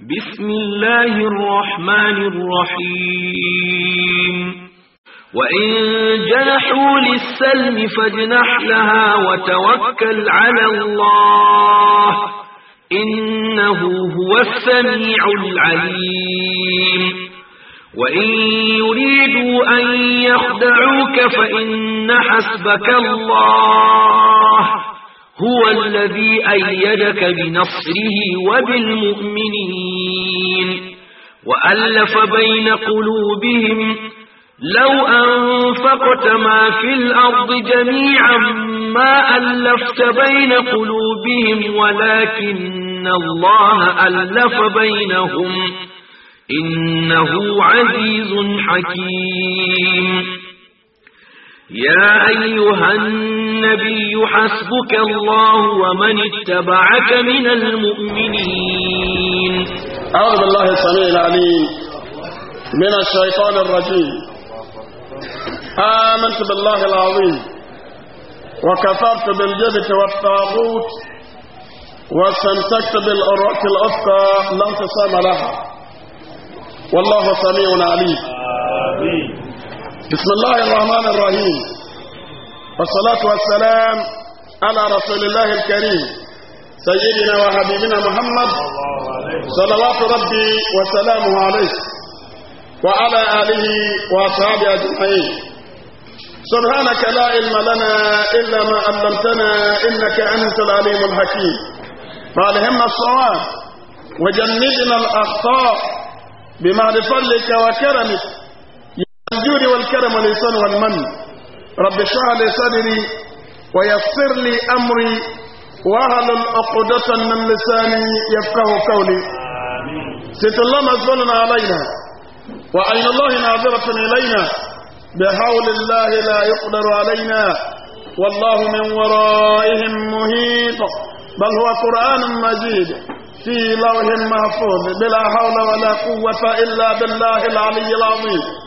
بسم الله الرحمن الرحيم وإن جنحوا للسلم فاجنح لها وتوكل على الله إنه هو السميع العليم وإن يريدوا أن يخدعوك فإن حسبك الله هو الذي أيدك بنصره وبالمؤمنين وألف بين قلوبهم لو أنفقت ما في الأرض جميعا ما ألفت بين قلوبهم ولكن الله ألف بينهم إنه عزيز حكيم يا أيها النبي حسبك الله ومن اتبعك من المؤمنين أعوذ بالله السميع العليم من الشيطان الرجيم آمنت بالله العظيم وكفرت بالجبت والطاغوت واستمسكت بالأرواح الأفقى لا انقسام لها والله سميع عليم آمين بسم الله الرحمن الرحيم والصلاة والسلام على رسول الله الكريم سيدنا وحبيبنا محمد صلوات ربي وسلامه عليه وعلى آله وأصحابه أجمعين سبحانك لا علم لنا إلا ما علمتنا إنك أنت العليم الحكيم فألهمنا الصواب وجنبنا الأخطاء بمعرفتك وكرمك الجود والكرم والإحسان والمن رب اشرح لي صدري ويسر لي أمري واهل عقدة من لساني يفقه قولي ست الله مزبولنا علينا وعين الله ناظرة إلينا بحول الله لا يقدر علينا والله من ورائهم مهيط بل هو قرآن مجيد في لوح محفوظ بلا حول ولا قوة إلا بالله العلي العظيم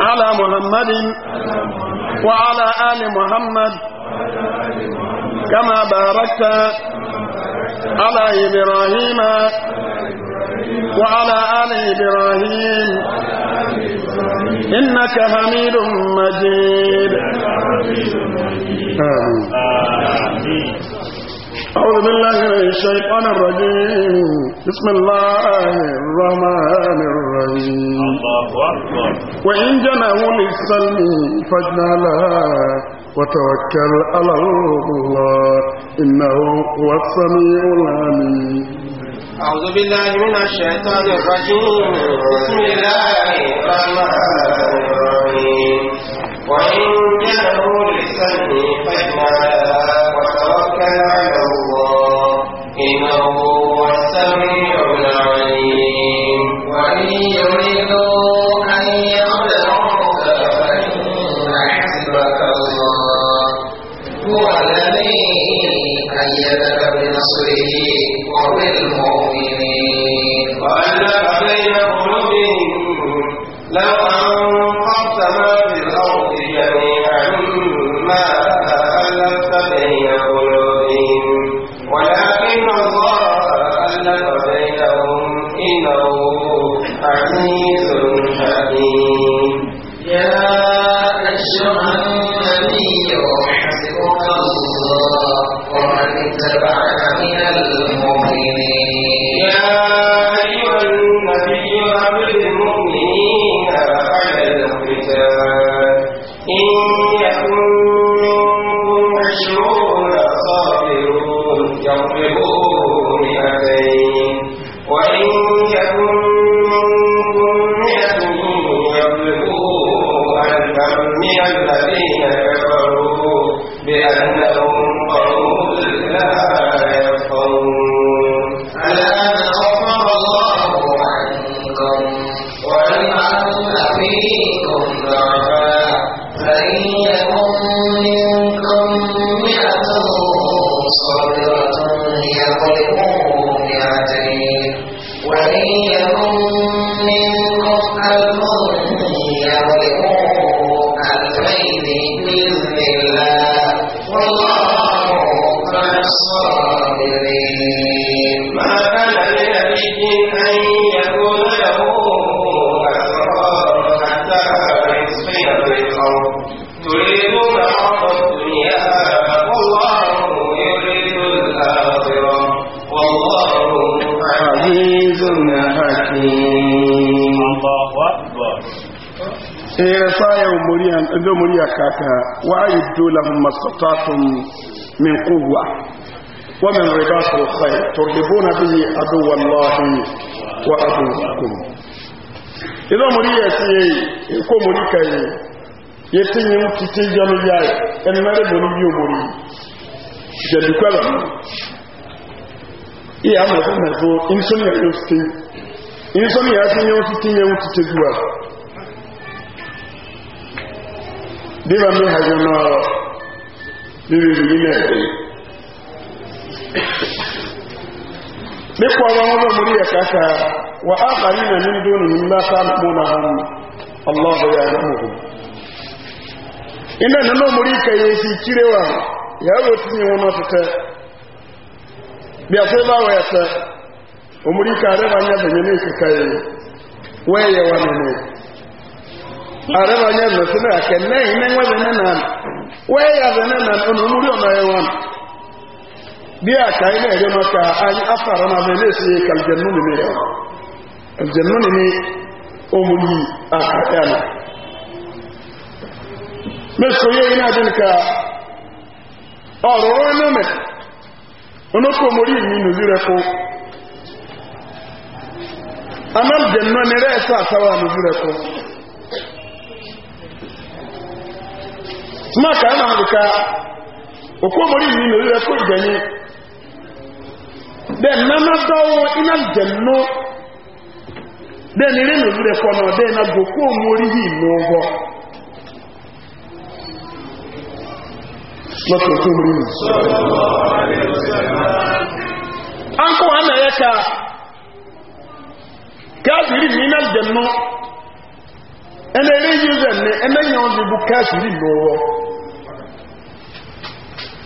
على محمد وعلى آل محمد كما باركت على إبراهيم وعلى آل إبراهيم إنك حميد مجيد آمين أعوذ بالله من الشيطان الرجيم بسم الله الرحمن الرحيم الله أكبر وإن جنه للسلم فاجنى لها وتوكل على الله إنه هو السميع العليم أعوذ بالله من الشيطان الرجيم بسم الله الرحمن الرحيم وإن جنوا للسلم فاجنى لها وتوكل على الله lómúrí àkàkà wáyé dóòlà mọ̀sọ̀tàtùn mìkú wà wọ́n mẹ́rin rẹ̀ bá sọ̀rọ̀ fẹ́ tọ̀rọ̀dẹ̀bọ́n náà bí adúwọ̀ lọ́hùn wọ́n adúwọ̀ idan muri ya tiye ko muri kai ya tinye titi janu ya en mare bonu biyo muri je dukala iya ma ko na so in sun ya yo sti in sun ya tin yo titi ya titi duwa dịba mmiri ha gụọ n'ọrụ riri n'ime ebe dịkwa ọrụ ọrụ ya wa akari na ndị unu mmata mkpụ na ha Allah ya alamuhu ina nana mụrụ ike ya esi wa ya bụ tinye nwa bịa ebe ahụ ya sị omụrụ ike arịba anya banye n'ikuka ya wee ààrẹ bá ya lọ sílẹ̀ àkẹ́ lẹ́yìn na bẹ̀rẹ̀ náà wẹ́yà bẹ̀rẹ̀ náà ọ̀nà múlí ọ̀nà na wọn. bí na ilé ẹ̀jọ́ náà ka ayé afárá náà bẹ̀rẹ̀ sí kàlùjẹ̀nù nìmi rẹ̀ kàlùjẹ̀nù nìmi ọmọlú àkàtà náà. mẹ́sọ̀ yẹ iná dín ká ọ̀rọ̀ ọ̀rọ̀ náà mẹ́ onókò mórí mi nù zírẹ̀ kó anájẹ̀nù nìrẹ̀ ẹ̀sọ́ esi asawa ma ka na mu ka oku mori ni na re ko gani de nana ina janno de no re na goku mori hi no go lọ́tọ̀ tó mú ní an kó hana ya ka káàkiri ní iná jẹ náà ne yíò zẹ̀ ní ẹnẹ́yàn ọdún bú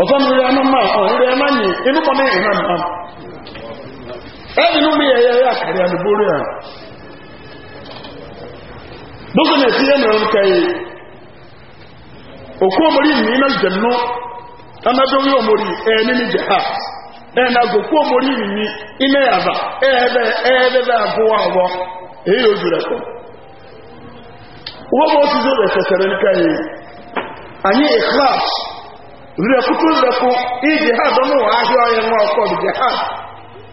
ọ̀fọ́n mi rí ẹnu máa ọ̀hún rí ẹnu ní inú pọ̀ ní ìhàn nìkan ẹ̀yìn mi yẹ̀yẹ̀ yà kàrí ẹnu borí à bókù ní ẹ̀sí ẹnu ẹnu kẹyì òkú omori ní iná jẹ̀nú anadọ́wí omori ẹni ní jẹ̀há ẹ̀nà gòkú omori ní iná yàrá ẹ̀ẹ́dẹ́ àwọ̀ èyí rekutu zeku i jihad ọmụ wa ahịa ọhịa nwa ọkọ bụ jihad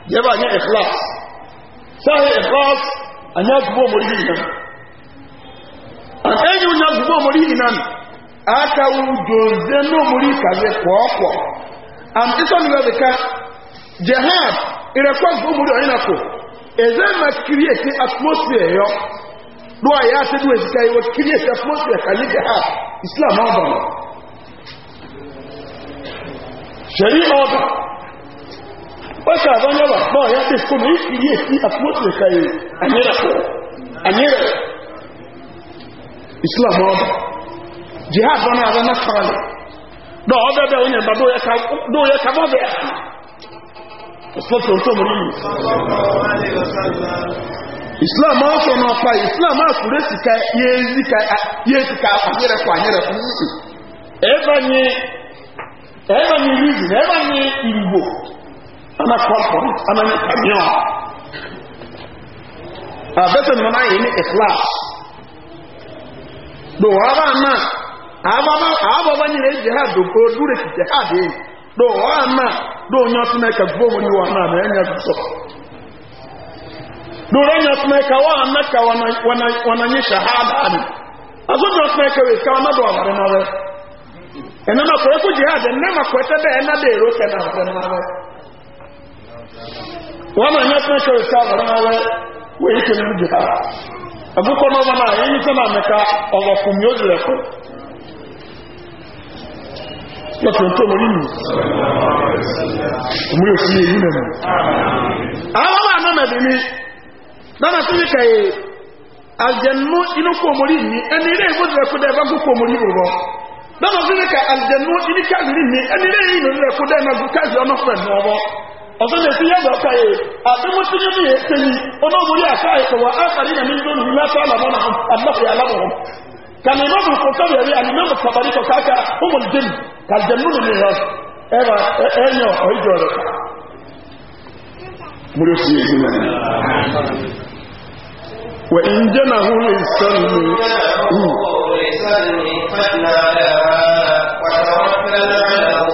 jebe anyị ikhlas sahi ikhlas anyị azụgbọ omori yi enyi onye azụgbọ omori yi na aka udoze n'omori kwa and isan iwe ka jihad irekwa zụgbọ omori eze ma kiriyeti atmosphere yọ lụọ ya ase duwe zika iwe kiriyeti atmosphere ka anyị jihad islam ṣẹ̀rí ọdún ó ṣàbáyọ̀wà bọ́ ya ti kó ní ìyé sí àfúwọ́tì kàyè àmìrẹ̀ jihad bọ́nà àwọn mọ́sánlẹ̀ dọ́ ọdọ́ bẹ́ onye bá dóyẹ náà pa islam àkùrẹ́sì ká yẹ́ ẹ̀ẹ́sì ká àmìrẹ̀ kọ àmìrẹ̀ fún ẹ̀ẹ́bà ni ẹ̀ẹ́mà ní rízì ẹ̀ẹ́mà na ìrìgbò anakọ̀ọ̀kọ̀ anakàmíọ̀ àbẹ́sẹ̀ ní mọ́nà yìí ní ìkláàs dò wọ́n bá náà àbọ̀ bá nyere ìjì ha dò kó dúró kìkì ha dé dò wọ́n ha dò nyọ́ tún ẹ̀ka gbó wọn ni wọn náà mẹ́ ẹ̀yẹ sọ dò rẹ̀ nyọ́ tún ẹ̀ka wọn náà ka ɛnɛ ma kɔ ɛkò jihad ɛnɛ ma kɔ ɛtɛ bɛ ɛnɛ de ero na ma wɛ wɔn nyɛ ma wɛ ɛbukɔ na ɔbɛ ma yɛ sɛ ma mɛ ka ɔwɔ fún mi ó di ɛkò yɛ tó tó mori mi ɔmu yɛ fi yɛ yi mu awo wa nana yi ɛni ilé ɛfɛ dama fi ne ka alijanu ini kaziri ni ɛni ne yi ninu ɛko dɛ na gu kazi ɔno fɛ nɔɔbɔ ɔsɛ ne fi yɛbɛ ɔka ye abemu ti ne mi yɛ eyi ɔno omori aka yi kɔwa afari na mi do nu lati alamɔ na hɔn alafi alamɔ hɔn kani ma bu kɔtɔ kwe jehụal ọka e aa a nyek d nka na ra d oye d a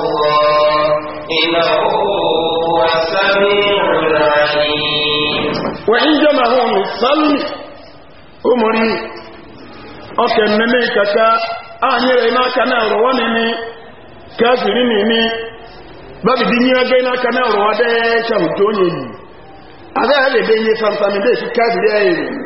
ee nye aa kaa eri.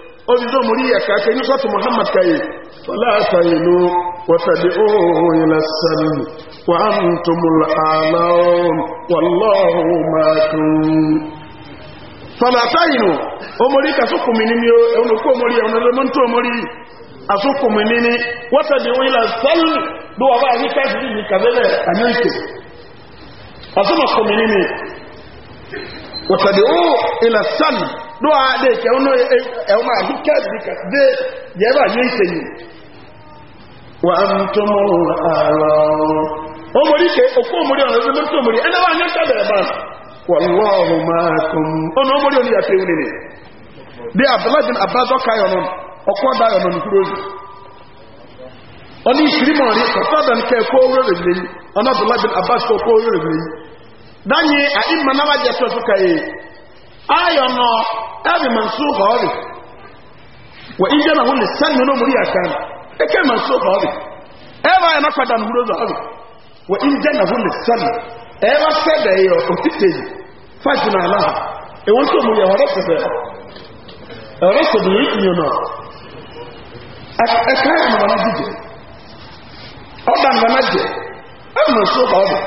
ozizo muri ẹ̀ka kẹ ní sọ́tù muhammad kayi fọláàtàyìnú wọ́tàdé ohun ìlàsàlù wà ń túnmùlà aláwọ̀n wọ́lọ́hùn máa tún fọláàtàyìnú omori kasókùnmí ní ẹ̀wọ̀nukú omori ẹ̀wọ̀nulẹ́mọ́ntú omori asókùnmí ní wọ́tàdé ohun ìlàsàlù ló wà bá ní káàkiri ní kàbẹ́lẹ̀ àmẹ́ríkà asókùnmí ní wọ́tàdé ohun ìlàsàlù do a de e, ke uno e uma hi kazi ka de ye ba ye se wa antum alaw o mori ke o ko mori zo mori ana wa nya ba wallahu ono ya te uni ni de abdullah bin abbas o kai o ko oni shiri mori ko ta dan ke ko ni ona abdullah bin abbas ko ko ni a imma na wa ayo no abi mansukh ɔbi wa ije na wuli sani na omuri akan eke mansukh ɔbi ɛba ayɛ nakwada na huro ɔbi wa ije na wuli Ebe ɛba sɛdɛ yɛ otite yi faji na ala ha ewu nso mu yɛ ɔrɛ sɛbɛ ɔrɛ ya e yɛ ikunyo na ɛka e, e yɛ mama na didi ɔda mama na di ɛba mansukh ɔbi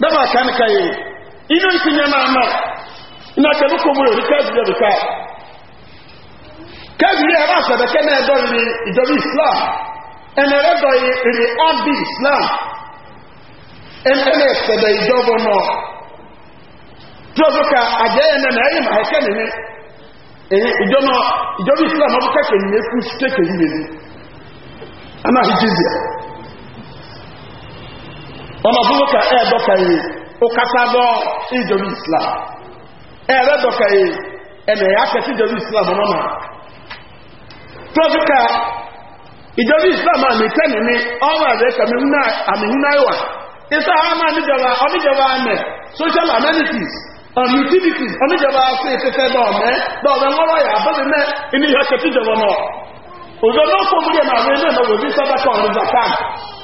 daba aka ne ya yɛ inu nsi nyɛ na na kẹlu kòmúrò ní kẹ́bìrì ẹ̀dùká kẹ́bìrì ẹ̀rọ àṣẹ̀bẹ̀kẹ́ na ẹ̀dọ́ rí ìjọba islam ẹ̀nẹ̀rẹ́ dọ̀ rí islam ẹ̀nẹ̀rẹ́ ẹ̀sẹ̀bẹ̀ ìjọba islam ọdún kẹ́kẹ́ nìyẹn islam ẹ̀rẹ́ dọ̀kà yìí ẹ̀nà ẹ̀yà kẹtí ìjọba islam ọ̀nà tọ́síkà ìjọba islam àmì tẹ́nì ní ọwọ́ ẹ̀rẹ́ àmì húnáìwà isa ama níjọba oníjọba social amenities and utilities oníjọba ṣe ìfẹ́fẹ́ dọ̀ọ̀mẹ́ dọ̀ọ̀mẹ́ wọ́n lọ́yà abọ́lé mẹ́ inú ìyá kẹtí ìjọba náà òjò náà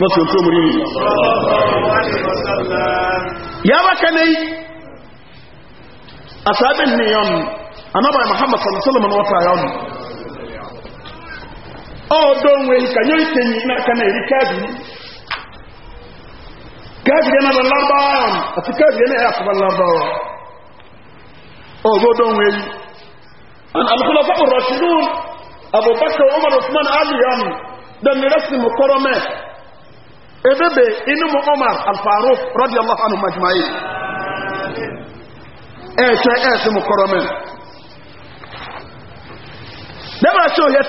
wọ́n sì tó mú rí ní yàbá kẹ́lẹ̀ yìí asábẹ̀ ní yọnu anábàá muhammad sallallahu alaihi wa sallam ọ̀dọ́ òun èyí kanyọ́ ìkẹyìn náà kẹ́lẹ̀ èrí kẹ́ẹ̀bì kẹ́ẹ̀bì yẹn náà lábáyà àti kẹ́ẹ̀bì yẹn náà yàtọ̀ lábáyà ọ̀dọ́ òun èyí alùpùpù fọ́ọ̀rọ̀ ṣùgbọ́n abubakar umar usman ali yọnu dẹ̀mí rẹ́sì mú kọ́rọ́ mẹ́ẹ̀ ebebe inumu omar alfaruk radiyallahu anhu majmai ẹ̀ẹ́tẹ́ ẹ̀ẹ́sì mú kọ́rọ̀ mẹ́rin dẹ́bà ṣe òye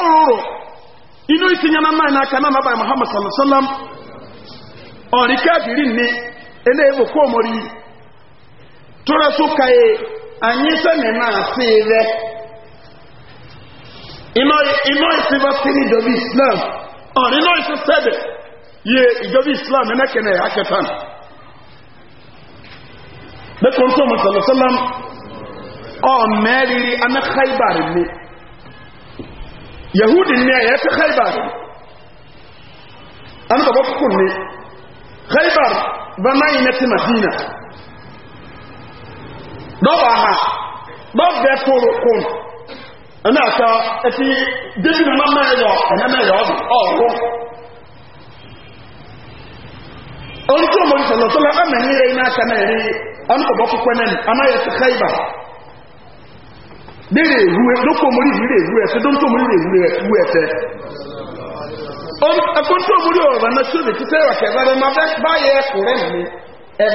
rúrú inú náà náà kanáà muhammad sallallahu ọ̀rí kó mọ̀rí náà sí sí ọ̀rin náà ṣe sẹ́dẹ̀ yẹ ìjọba islam ẹnẹ́kẹ̀ẹ́ akẹta nù lẹ́kọ̀ọ́ tó mọ̀ sọ̀lọ́sọ́lám ọ̀mẹ́rìírí aná haibari ni yahudi ni ẹ̀yẹ́ fẹ́ haibari aná bàbá kúkú ni haibari bá máa yìí nẹ́tí madina dọ́bà ha dọ́bẹ̀ẹ́ tó rọ̀ kọ́nù ɛna ata ɛti david na mmaa yɛ ɛna mmaa yɛ ɔdo ɔwɔ ɔno tí ɔmo nsɛm nsɛm ama ɛni yɛ ɛna aka na ɛni ɔno kɔbɔ kɔkɔ nani ama yɛ ti kaiba ne yɛ ehue doko ɔmo yi yɛ ehue ɛsɛ doko ɔmo yi yɛ ti sɛ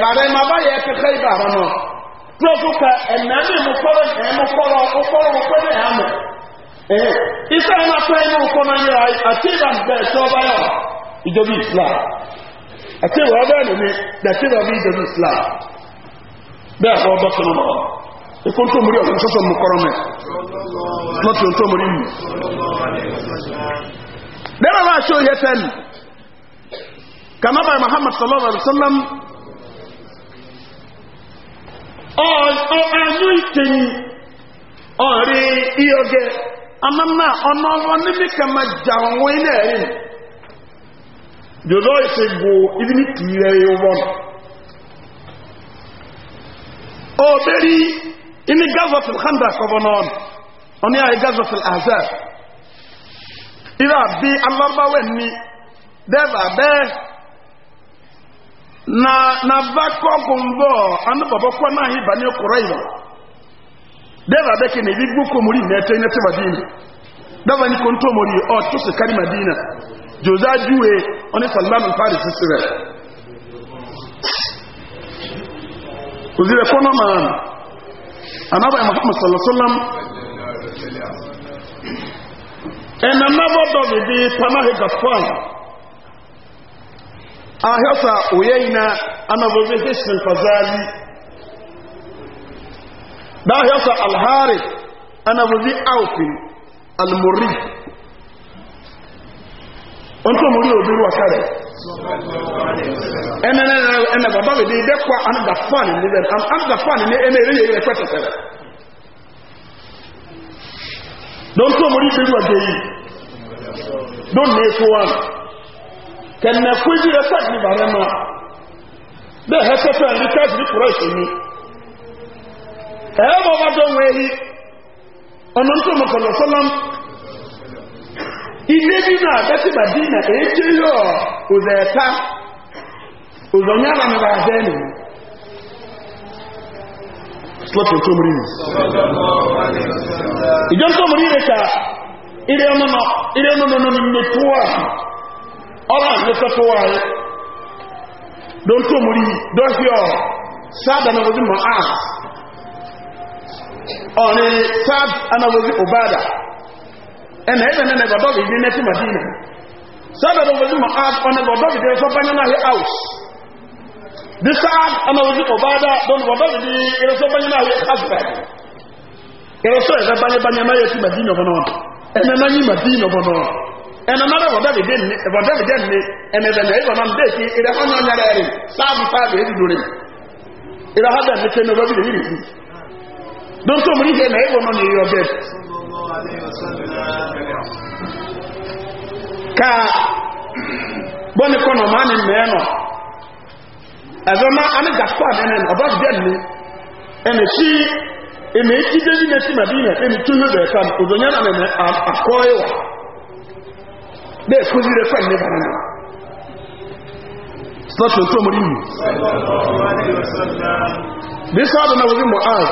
ba e ma ba yɛ ti e kaiba tọ́sù ka ẹ̀mẹ́ ní ìmúkọ́rọ̀ ìmúkọ́rọ̀ ọkọ́rọ̀ ọkọ́rọ̀ ẹ̀hámọ̀ ẹ̀hẹ́ iṣẹ́ ẹ̀mọ́ pẹ́ inú ọkọ́rọ̀ yẹ àti ìdàgbẹ́ ẹ̀ṣọ́ ọba yọ ìjọba islam àti ìwà ọba ẹ̀lú ni dàtí ìwà ìjọba islam bẹ́ẹ̀ kọ́ ọba sọ́nà náà ikú tó mú rí ọ̀sán sọ́sọ́ mú kọ́rọ̀ mẹ́ lọ́tí ohun tó mú rí mú bẹ́ẹ̀ bá wá aṣọ yẹ fẹ́ mi kàmábàá muhammad sallallahu alayhi wa sallam ọ ikenyi ọ̀rị ihe oge amama ọnọrọ n'ime ka ma ja onwe na-eri yodo ise bụ ibi tiire ya ụgbọ obere ini gazọfil handa kọbọ n'ọnụ ọnụ ya gazọfil azar ire abi wee ni deva bee na na bakọ bụ mbọ anụ babakwa na ahị banye kwụrụ ịba deva deke na ebi gboko mori na ete inete madina dava ni konto mori ọ tụsị karị madina joza juwe onye salman paris sire ozire kwono ma anaba muhammad sallallahu alaihi wasallam enamabo dobi bi panahi gafan ahasa oyaina anabobe hisn fazali da ahasa alharif anabobe aufin almurri on to muri obi ruwa kare ẹnẹ ẹnẹ bàbá mi di dẹ́kọ̀ anadafani ni bẹ́ẹ̀ anadafani ni ẹnẹ eré yẹn ẹ̀kọ́ tẹ̀tẹ̀rẹ̀ don to muri obi ruwa gẹ̀yìn don ní wa kẹ̀nà kújí ẹsẹ̀ ní bàrẹ̀ mọ́ bẹ́ẹ̀ ẹsẹ̀ fẹ́ ní káàkiri kúrọ̀ ìṣòro ẹ̀yẹ́ bọ́ bá dọ́wọ́ ẹ̀yí ọ̀nà tó mọ̀ kọ̀lọ̀ sọ́lọ́m ilé nínú àbẹ́sí bàdí nà èéjì yọ òzò ẹ̀ta òzò ní àlàmìlà àjẹ́ nì slọ́tì tó mú ìjọ́ tó mú rí rẹ̀ ká ọmọ náà ilé ọmọ náà ní mẹ́tọ́ àti ọ̀rọ̀ àti tọ́tọ́ wà rẹ̀ don tó mú rí dọ́fíọ̀ sáàdà náwọ́dí ma'á ọ̀rẹ́ sáàdà náwọ́dí ọbádà ẹ̀nà ẹ̀bẹ̀ nẹ́nẹ̀ gbọ́dọ̀bì ní nẹ́tí madina sáàdà náwọ́dí ma'á ọ̀nà gbọ́dọ̀bì dẹ́ sọ́bányá náà hẹ́ áwùs bí sáàdà náwọ́dí ọbádà don gbọ́dọ̀bì dí ìrẹsọ́bányá náà hẹ́ áfẹ́ ìrẹsọ́ ẹ̀sẹ̀ bányá ma náà yẹ ẹnna mara wọ bẹbi den ne wọ bẹbi den ne ẹnna bẹ na ẹ bọnà mbẹ ti ẹdẹ hàn náà nyara ẹrin sáàbù sáàbù ẹdi dòre ẹdẹ hàn bẹbi tẹ ẹnna wọ bẹbi ẹdi rìkì dọ́ntọ́ mu níhẹ na ẹ bọnà ní ẹyọ bẹ. ká bọ́ni kọ́nà máa ní mẹ́ẹ̀ nọ ẹ̀fọ́ máa ani gàkọ́ àdéhùn ọba den ne ẹnna sí ẹnna etí débi n'etí màdínà ẹnna túnú bẹ̀ẹ̀ kan òdònyẹ́ nà mẹ́ẹ̀ akọ́ ẹ̀wà bẹ́ẹ̀ kójú rẹ̀ fẹ́ ilé bàbá náà sọ́tò tó mọ̀ nínú bí sáàbù náà wọ́n mọ̀ out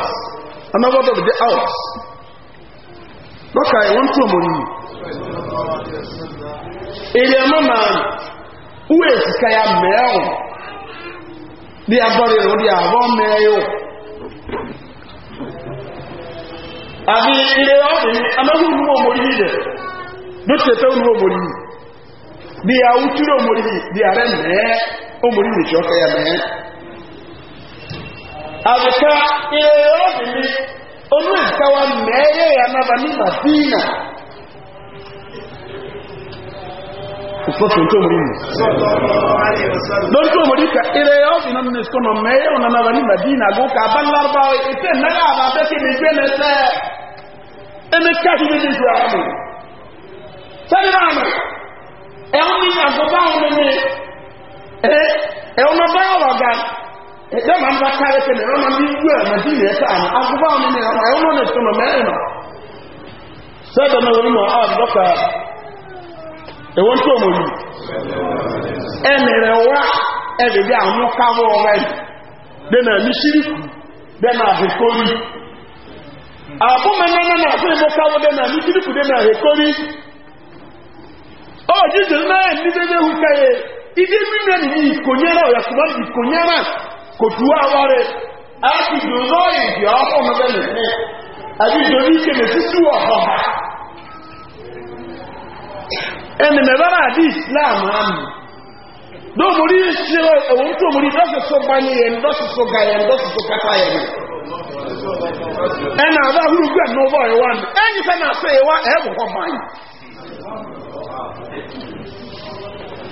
anáwọ́dọ̀ bí out lọ́kà ẹ̀wọ́n tó mọ̀ nínú èrè ẹ̀mọ́ máa wúwẹ̀ ìsìká ya mẹ́rùn bí agbọ́rẹ̀ rẹ̀ wọ́n àwọ́ mẹ́rẹ̀ àbí ilé ọ̀fìn anáwọ́dọ̀ mọ̀ dókítà ònú òmòrì yìí bí i àwùjúrò òmòrì yìí bí i àrẹ mẹ́ẹ́ òmòrì yìí tí ó fẹ́ yà mẹ́ẹ́. àbùká ìrẹ̀rẹ̀ ọ̀bìnrin onú ìkáwá mẹ́ẹ́yẹ̀ yà nàbà ní màdínà. Ìfọ́sùn tó mú nínú. Lórí tó mú nípa ilẹ̀ ọ̀sìn náà nínú ìsọ́nà mẹ́yẹ̀ ọ̀nà náà ní Màdínà gòkè abánlábá ìfẹ́ náírà àbáfẹ́ kéde gbé lẹ́sẹ̀. Ẹni káàkiri ní ìjọ àwọn ọmọ. sẹ́yìn na nà ẹ̀hún ní àgbọ̀bá àwọn ọ̀rọ̀ ga ẹ̀jẹ̀ máa ń bá káyọ̀ kẹ́lẹ̀ ẹ̀rọ máa ń bí ẹ̀ máa bí ìrẹ̀ ẹ̀ta àná àgbọ̀bá àwọn mímí ẹ̀hún ẹ̀hún na lè tún ọmọ ẹ̀rìn náà sẹ́dọ̀ náà wọ́n mọ̀ ẹ̀wọ́n tó bí àwọn káwọ́ ẹ̀ ní àbúmọ̀ náà náà ọ jíjẹ náà nígbẹ́gbẹ́ wíkẹ́ yẹ ìdí mímẹ́ ní ìkònyẹ́rà ọ̀yàkùnmọ́ ìkònyẹ́rà kò tú àwọ́ rẹ̀ a ti dòdó ìdí ọkọ̀ mẹ́gbẹ́lẹ̀ ní àti dòdó ìkẹ̀lẹ̀ títí ọ̀họ̀ ẹni islam àmì lóòmùrí ṣe tó mùrí lọ́sọ̀sọ̀ ga ẹni lọ́sọ̀sọ̀ ẹni ẹni àbá ní ẹni fẹ́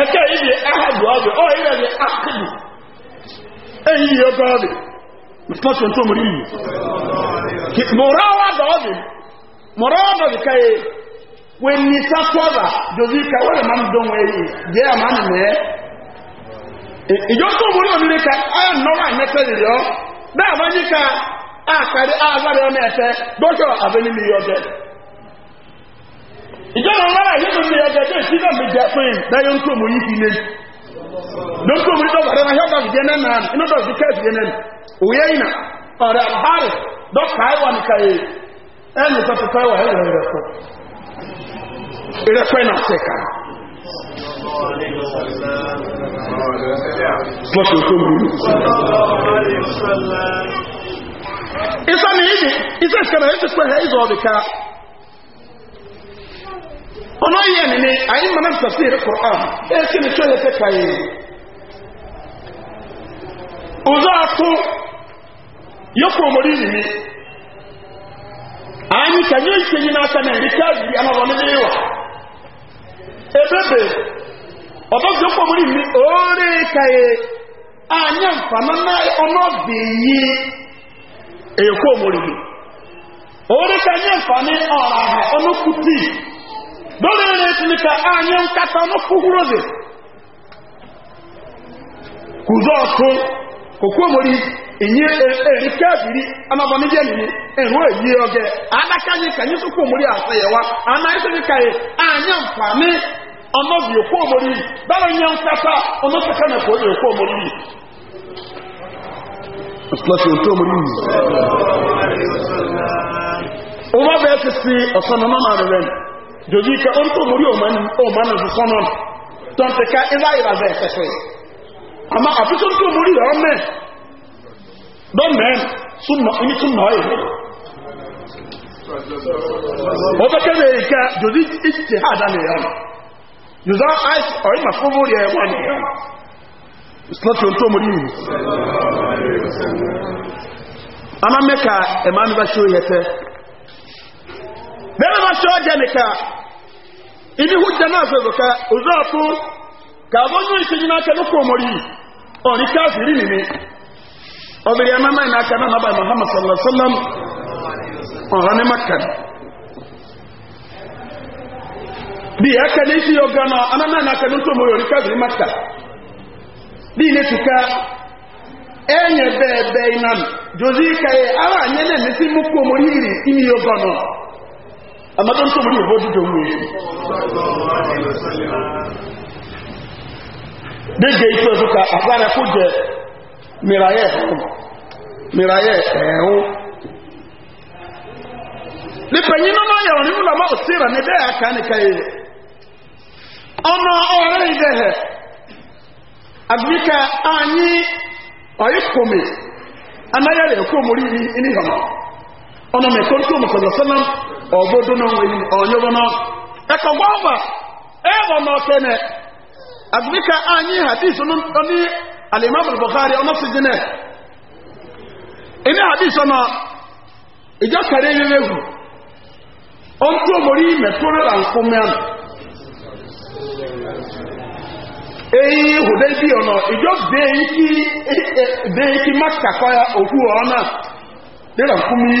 Eke ìdí ahàdù ọdún ọ ilẹ̀ ni akìdù èyí ọgọ́ ọdún mọ̀tọ́sùn tó múrí yìí mọ̀rọ̀wọ́dọ̀ ọdún mọ̀rọ̀wọ́dọ̀ bí káyé wọ́n ní sáfọ́dà dozi ká wọ́n lè máa ń dán wọ́n yìí jẹ́ àmà nìyẹn ìjọ tó múrí òní ní ká ọyọ nọ́wọ́ àmẹ́tẹ́ lè yọ bẹ́ẹ̀ bá yí ká àkàrí àgbàdo ọmọ yọ ìjọba mara yìí tó ní ẹgbẹ́ tó sí náà mi jẹ pé lẹ́yìn ń kúròmù yìí fi lé lókù omi tó bàrẹ́ náà yọ́gbà ìjẹ́ náà náà inú tó fi kẹ́ẹ̀sì yẹn náà òye ìnà ọ̀rẹ́ àbárẹ̀ dọ́kà ẹwà nìkan yìí ẹnu tọ́tù fẹ́ wà ẹ̀rọ ìrẹ́pọ̀ ìrẹ́pọ̀ náà tẹ̀ka pọ̀tù tó mú ìsọ́ni yìí ìsọ́ni kẹrẹ yìí ti pẹ́ ọ̀nà yẹ nìní àyí mọ̀ náà tafsir Qur'an ẹ kí ni tó yẹ fẹ́ Anyị ọ̀zọ́ àtó yọkọ̀ yi nìní àyí kàyé ìṣe yìí náà ebe ìrìkà àbí anáwọ̀ ní bí wà ebébè ọ̀bọ̀ yọkọ̀ ọmọdé nìní ọ̀rẹ́ kàyé dole ne tuni ka anyan ah, kata no kuhuro de kuzo ko kokwo mori enye eri e, kabiri amaba meje ni enwo e, eyi oge adaka anyị ka anyị ko mori asa yewa ana ise ah, ni kai anyan fami ọmọ bi okwo mori dole nyan kata ọmọ kata na ko okwo mori Asalasi otu omori yi. Ụmụ bụ ekesi ọsọ na ọ mama rere. jòjì ka ó ń tó mórí òmánà fífọ́n náà tọ́ntì ká ilá ìràzẹ̀ ẹ̀fẹ́fẹ́ àmá àfíṣọ́ tó mórí rẹ̀ ọmọ dọ́mẹ́rin ní súnmọ́ èyí ó fẹ́ kẹ́lẹ̀ ìka jòjì ìtì hàdá lè yọ̀nà yòzá àìsí ọ̀rí mà fún mórí ẹ̀wọ̀ ni ìsìlọ́tì mẹ́ka ẹ̀má bá ṣe ó yẹ ibi hujja náà fẹ́ lọ́ka òzò ọ̀tún kàbọ̀ ní ìṣẹ́jú náà kẹ́lú kò mọ̀rí ọ̀rí káfìrí nìmi ọbẹ̀rẹ̀ ẹ̀má máa náà kaná nàbà muhammad sallallahu alaihi wasallam ọ̀rọ̀ ní makka bí i aka ní ìṣe ọgá náà anáná náà kẹ́lú tó mọ̀rí ọ̀rí káfìrí makka bí i ní tuka ẹ̀yẹ bẹ́ẹ̀ bẹ́ẹ̀ iná jòzí kàyé amma don to muri hodu da wuri da ga ito zuka a fara kuje miraye miraye ehu ni panyi no no yawon ni ulama usira ne da ya ka ne kai ọmọ ọrẹ ìdẹhẹ àbíkà anyi ọyí kòmè anáyẹrẹ kòmòrí ní ìhànà ọ̀nà mẹ́kọ́ tó mọ̀ sọ̀rọ̀ sẹ́lẹ̀m ọ̀gbọ́dọ̀ náà wẹ̀yìn ọ̀nyọ́bọ̀ náà ẹ̀kọ́ gbọ́ọ̀bà ẹ̀wọ̀n náà kẹ́nẹ̀ àgbẹ̀ká anyi hadith ní alimami buhari na eyi maka ya nkume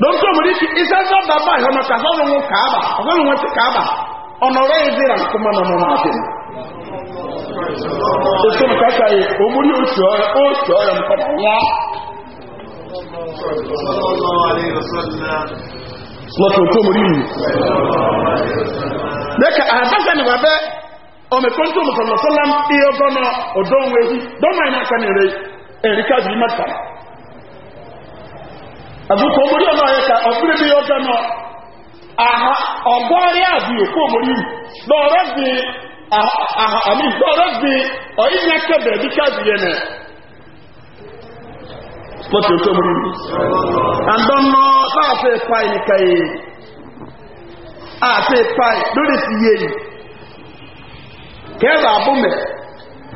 don tó mo ní ti iṣẹ́ sọ bàbá yìí ọ̀nà kàfọ́nù wọn kàába ọ̀fọ́nù wọn ti kàába ọ̀nà ọ̀rẹ́ yìí dìrà kó má nànà máa tẹ̀lé. Ètò ìkàkà yìí, òmùrí oṣù ọ̀rẹ́ oṣù ọ̀rẹ́ nǹkan bá wá. Lọ́tọ̀ tó mo rí yìí. Lẹ́ka àbáṣà ni bàbá ọmọ ẹ̀kọ́ tó mo sọ̀rọ̀ na ń pé ọgọ́nà ọ̀dọ́ òun àbúkọ omori ọ̀nà ọ̀yẹ́ka ọ̀bírí bí ọjọ́ náà àhà ọ̀gọ́rí àbí òkú omori lọ́ọ̀rẹ́ bí àhà àmì lọ́ọ̀rẹ́ bí ọ̀yìnbí akẹ́bẹ̀ẹ́ bí káàdì yẹn nẹ̀ pọ̀tù òkú omori bí. àndọ́nà láàfẹ́ páì nìka yìí àfẹ́ páì lórí ti yé yìí kẹ́ẹ̀bà abúmẹ̀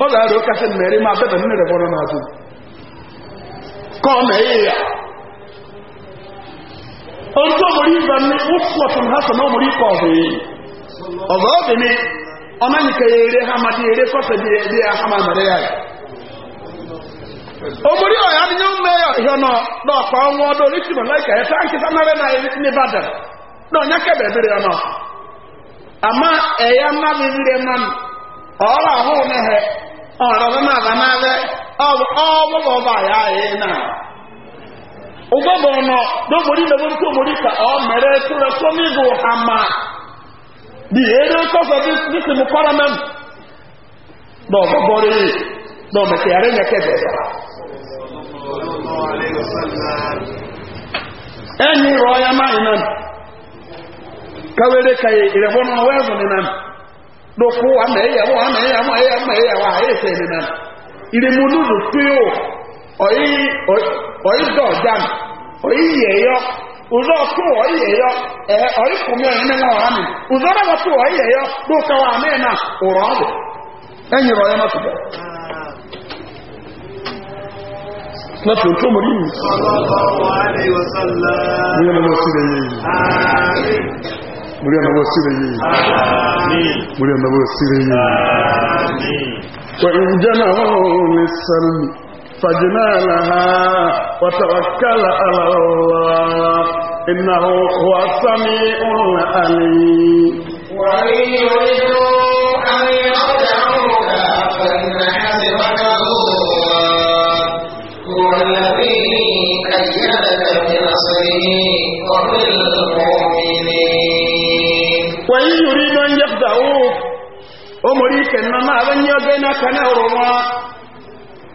ọ̀dọ̀ àrò kásẹ̀ máa bẹ̀bẹ̀ nínú rẹ̀ bọ́lọ́ náà tó ya. ọjọ́ mọ̀rí ìgbà ní ọ̀pọ̀tún hásán náà mọ̀rí kọ̀ ọ̀hún yìí onye ọ̀bẹ̀ mi ọmọ nìkan eré hamadi eré kọ́sẹ̀ bí ẹbí ahama mẹ́rẹ́ yà rẹ̀ omori ọ̀yà ni yóò mẹ́ onye lọ́ọ̀kọ́ ọmọ ọdún oríṣìímọ̀ láìka ẹ̀fẹ́ àkíkà mẹ́rẹ́ náà ní ìbàdàn náà nyẹ́kẹ́ bẹ̀rẹ̀ ọ̀nà àmọ́ ẹ̀yà má rírẹ̀ má ọ̀rọ̀ àhóhùn ọ̀rọ̀ náà ụgbọgbọ nọ n'ogbori mebe nke ka ọ mere tụrụ sọ n'izu ama dị ere nkọsọ dị si mụ kọrọ na ọgbọgbọrị na omekegharị nyekebe ẹni rọ ya máa iná kawere ka ìrẹ̀wọ́ náà wẹ́ẹ̀bù nínú lókù àmẹ́yẹ̀wọ́ àmẹ́yẹ̀wọ́ àmẹ́yẹ̀wọ́ àyẹ̀sẹ̀ nínú Iri tí ó oyi oyi dɔjan oyi yeyɔ uzɔ tó oyi yeyɔ ɛɛ oyi kumi e, oyi nina e wa mi uzɔ na oyi yeyɔ do ka wa mi na ɔrɔ do ɛnyɛrɛ ɔyɛ ma tibɛ na tó tó mori mi. sire muri sire فاجنى لها وتوكل على الله إنه هو السميع العليم وإن يريدوا أن يخدعوك فإن حسبك الله هو الذي أيدك بنصره وبالمؤمنين وإن يريدوا أن يخدعوك أمريكا ما أبني وبينك نور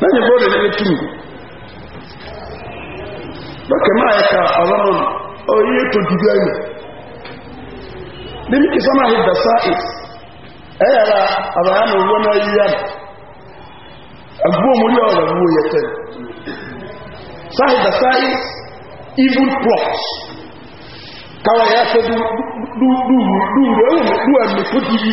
lẹ́yìn bọ́ọ̀lù ní tù lọ́kẹ̀ máa ẹ̀ka ọlọ́run orí ètò jùlọ ẹ̀yìn bí níkì sọ́nà àhìdà sáàì ẹ̀yàrá àbáyánà owó náà yíyá agbóhùnmórí ọ̀rọ̀ wúwo da sáàìdà sáàì evil plots káwàá yá fẹ́ dúró ẹ̀wọ̀n dúró ẹ̀mí tó dìbí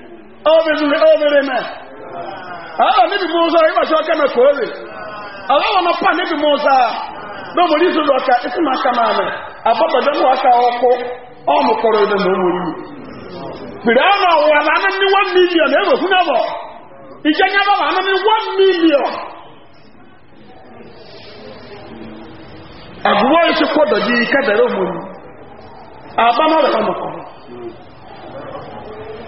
obezuri obere na ala nibi musa ibashi ọka na ka ore ala wa na pan nibi musa na omori izu ụlọ ka isi na aka na anị ababada nwa aka ọkụ ọ mụkọrọ ebe na omori iwu biri anụ ọwụwa na anị ndị wan milion ebe na bọ ije nya baba anị ndị wan milion agụwa isi kwọdọ kadara omori abamara ọmụkọrọ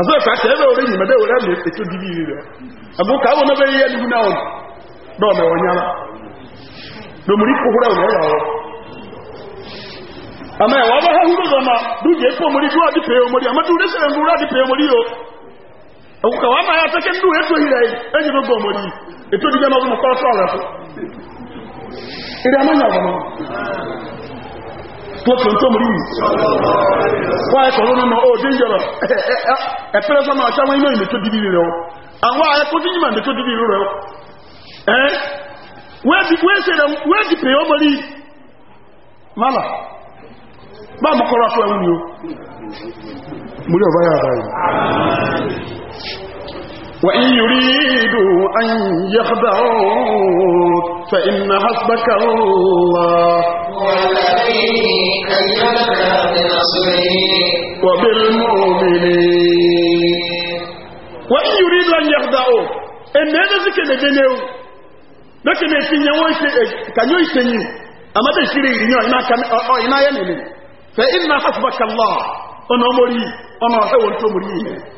azɔ ɛfɛ atɛ ɛbɛ wɔre nyimɛ bɛ wɔre ama e, e eto di abu ka awɔ n'abɛ yɛ nuhu na wɔn dɔw mɛ wɔn nyala domuri kohora wɔn ɛyà wɔ ama ɛwɔ ɔbɛ ha huro dɔn du yɛ kó omori du adi o abu ka wɔn ama yɛ ke ndu eto yi la yi enyi bɛ bɔ eto di ala so lọ́tọ̀ tó mú rí wọ́n ẹ̀kọ́ ló nínú ó dé yọ̀rọ̀ ẹ̀pẹ́rẹ́ sọ́mọ àti àwọn ilé rẹ̀ o àwọn ẹ̀kọ́ tí yìí mẹ̀tò dìbì rẹ̀ ẹ́ di ọmọ rí bá وإن يريدوا أن يخدعوك فإن حسبك الله والذي أيدك بنصره وبالمؤمنين وإن يريدوا أن يخدعوك إن هذا ذكر جنيو لكن يسين يوان كان يسين أما تشري إنه إنا كان إنا يمين فإن حسبك الله أنا مري أنا أحوال تمريه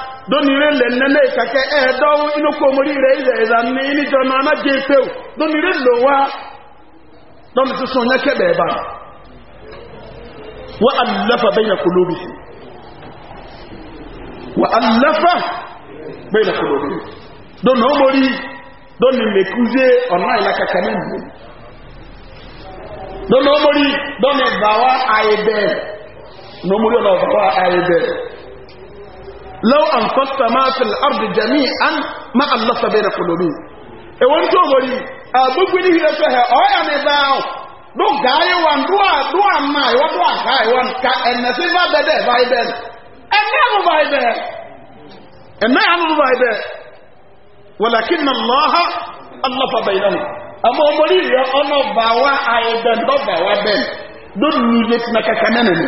donire lenne ne kake e eh, do ino ko mori re ile za ni ni jo na na je pe o donire lo wa don mi so nya ke be ba wa alafa baina qulubihim wa alafa baina qulubihim don no mori don ni me kuze ona ila kaka ni mu no mori don me bawa aibe no mori ona bawa aibe لو أنفقت ما في الأرض جميعا ما ألفت بين قلوبهم ewon tó wòlí agbègbè ní ilé tó hẹ ọ yà ní bá ọ ló gà ayé wa ndó à ndó à má ìwọ ndó à ká ìwọ nka ẹnẹsí bá bẹ dẹ báyìí bẹ ẹnẹ àmú báyìí bẹ ẹnẹ àmú báyìí bẹ wọlákin na lọ́ha aláfa bẹ̀yìn náà àmọ́ ọmọlẹ́yìn ọ̀nà bàwá ayé bẹ́ẹ̀ ndọ́ bàwá bẹ́ẹ̀ lónìí ilé tí na kẹkẹ nẹ́nìí.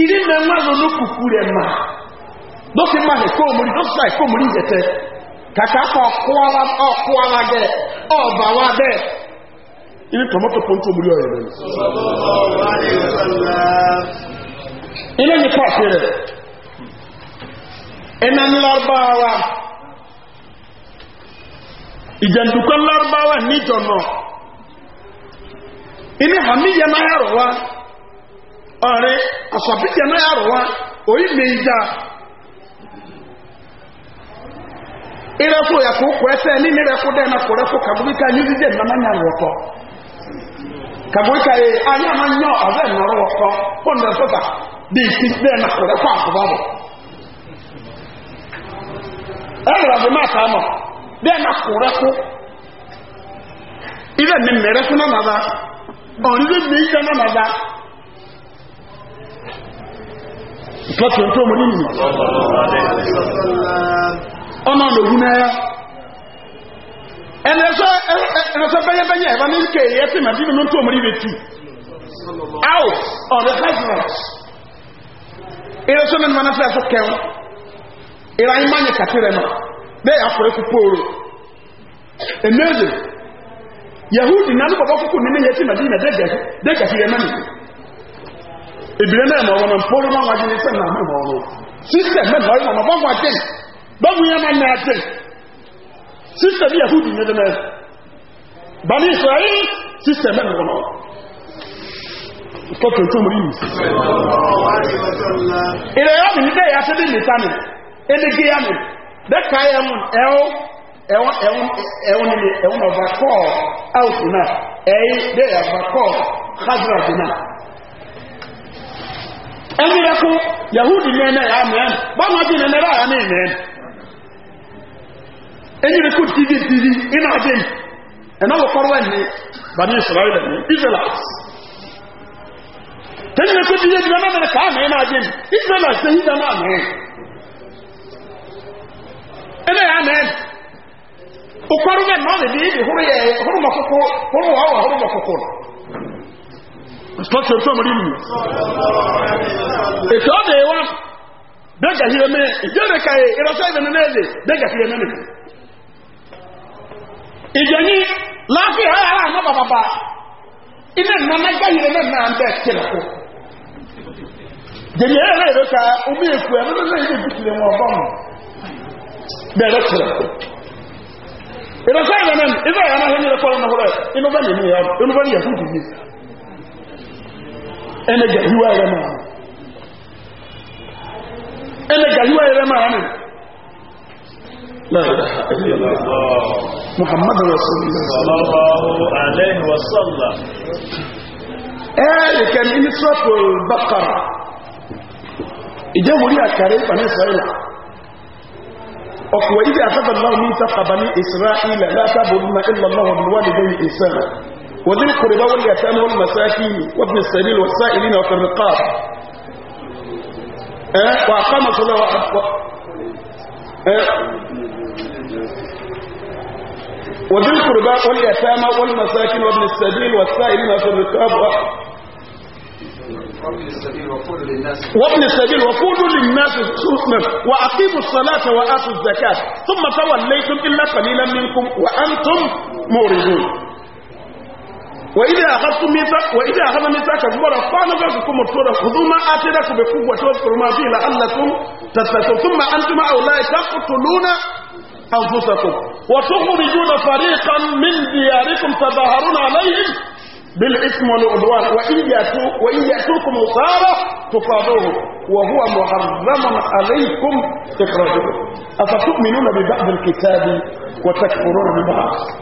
Iri na mmadụ n'ukwukwu rẹ̀ ma lọ́sí mmadụ kòmùrì lọ́sí kòmùrì ìjẹtẹ kàkà afọ ọkụala gẹ ọbawa bẹ ìrí tomato pọntụ omùrì ọyọ rẹ ilé ní pọọsì rẹ ẹnà ńlọrọbáwa ìjẹndùkọ ńlọrọbáwa níjọ náà ilé hàmíyẹ náà yàrá ọ̀rẹ́ àṣàbíkẹ̀ náà yàrá wa òyìn mèyí dá ìrẹ́fò yàtọ̀ òkú ẹsẹ̀ ní ìrẹ́fò dẹ́nà kọ̀rẹ́fò kàbúríkà ní ìdíje nàmá nyà wọ̀kọ̀ kàbúríkà yìí anya àmà nyọ ọ̀rẹ́ nàrọ̀ wọ̀kọ̀ pọ̀ nà ẹ̀fọ́ta bí ìfi dẹ́nà kọ̀rẹ́fò àkùbá bọ̀ ẹ̀rọ àbí máa sàánà ìtọ́tí tó mọ̀ nínú ọmọ ògùn náà ẹnẹ́sọ́ bẹ́yẹ́bẹ́yẹ́ ẹ̀bá ní kè é tí màá dínú tó mọ̀ nínú out of the president amazing yahudi nánú bàbá kúkú nínú yẹ tí màá dínú dẹ́gàsí rẹ̀ mọ́ nìyí ebire náà mọ̀ wọn mpọ́rọ́ náà wájú ní sẹ́nu náà mọ̀ wọn sísẹ̀ mẹ́rin náà yọ̀ bọ́ọ̀mù àtẹ̀ bọ́ọ̀mù yẹn máa ń àtẹ̀ sísẹ̀ bí yahudu ní ẹ̀dẹ̀ mẹ́rin bani israeli sísẹ̀ mẹ́rin wọn. Ìkọ́ tuntun mi yìí. Ìrẹ̀ yọ̀ mí bẹ́ẹ̀ yà bí nìta mi, ẹ̀dẹ̀gẹ́ yà mi, bẹ́ẹ̀ ká yà mu ẹ̀wọ̀ ẹ̀wọ̀ ẹ̀wọ̀ nílé ẹ̀wọ̀ ọ̀bà kọ́ọ̀ áwùsù náà ẹ̀yìn bẹ́ẹ̀ yà bà kọ́ọ̀ hajj ɛnyɛrɛ ko yahudi nɛɛnɛ yɛ amɛn bɔn ɔdi nɛɛnɛ bɛ ayɛ mɛn mɛn ɛnyɛrɛ ko didi didi ina adi ɛnɛ wɔ kɔrɔ wɛn ni bani israɛl ni israelites ɛnyɛrɛ ko didi didi ɛnɛ mɛn kaa mɛn ina adi israelites ɛyi dɛ naa mɛn ɛnɛ yɛ amɛn okɔrɔ wɛn maa mi bi ibi horo yɛ horo mɔ koko horo wɔ horo mɔ koko. instruction tó mọ̀ nínú ètò ọ̀dẹ̀ wa dẹ́gà hìrẹ́ mẹ́ ìjọ́rẹ̀ kàyè ìrọ̀sọ́ ìbẹ̀nà náà lè dẹ́gà hìrẹ́ mẹ́ nìkan a láti ara ara àná bàbàbà ilé nana gá hìrẹ́ mẹ́ náà ń bẹ́ kílẹ̀ kó jẹ̀ni ẹ̀rẹ́ ìrọ̀ ká omi èkó ẹ̀ lọ́dọ̀ náà ilé ìdíkìlẹ̀ wọn ọgbọ́n bẹ̀rẹ̀ kílẹ̀ kó ìrọ̀sọ́ ìbẹ̀nà ìbẹ̀rẹ̀ ɛna gya hiwa yɛ ma ano ɛna gya hiwa yɛ ma ano muhammad rasulillah ɛyɛ kɛn ini sɔfo bakara ìjẹ́ wòlíì àkàrẹ́ ìpàdé sọ́yìnà ọ̀pọ̀ ìdí àtàbà náà ní ìtàkàbà ní ìsìnrá ilẹ̀ látàbò ní ìlọ́lọ́wọ́ ní wà ní ìsẹ́nà وذي القربى واليتامى والمساكين وابن السبيل والسائلين وفي الرقاب أه؟ وأقام الصلاة وأحب أه؟ وذي القربى واليتامى والمساكين وابن السبيل والسائلين وفي الرقاب وابن السبيل وقولوا للناس وابن السبيل وقولوا حسنا واقيموا الصلاه واتوا الزكاه ثم توليتم الا قليلا منكم وانتم موردون وإذا أخذت ميثاق وإذا أخذنا ميثاق فأنا فأنذرتكم الطور خذوا ما آتيناكم بقوة واذكروا ما فيه لعلكم تتقون ثم أنتم هؤلاء تقتلون أنفسكم وتخرجون فريقا من دياركم تظاهرون عليهم بالإثم والعدوان وإن يأتوا وإن يأتوكم أسارى تقاضوه وهو محرم عليكم إخراجه أفتؤمنون ببعض الكتاب وتكفرون ببعض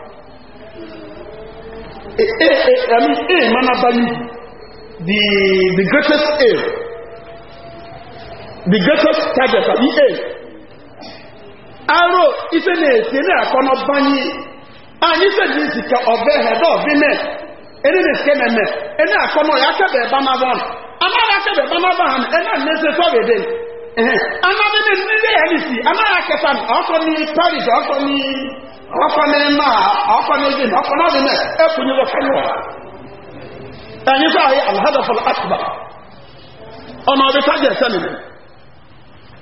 Manabali, the, the greatest aim, the greatest target of the aim. Arrow, if a aro any, I cannot ban you. And if it is the head of the any is came and met, and I come on, I can't be a banner one. I'm anadị na ndị nlelisi anaghị aketa ọkọ ní paris ọkọ ní ọkọ ní mma ọkọ ní ebe ọkọ na ekwenyere fanyọ anyị kwa anyị alhadafal akba ọmọ ọdị ya esenimi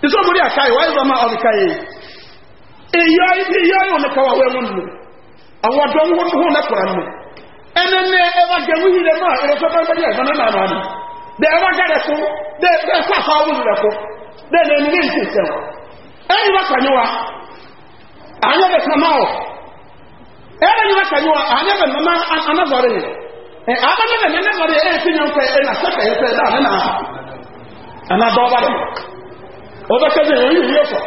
isobori akai wa ịzọ ma kai wee nwụ nnụ ọwa dọ na dẹ́ẹ̀dẹ́ ní ní ìsìnkẹ̀ ẹni bá kàníwá àyẹ́bẹ̀ kamáwọ̀ ẹni bá Anya be mama anazọ̀rẹ̀ ni àbábẹ̀ nẹ́nẹ́zọ̀rẹ̀ ẹ̀ fi yàn fẹ́ ẹ̀ nà sẹ́kẹ̀ yẹn fẹ́ dáa nínà àná dọ́ọ̀bá rẹ̀ ọbẹ̀ kẹ́sẹ̀ yẹn yìí yóò fọ̀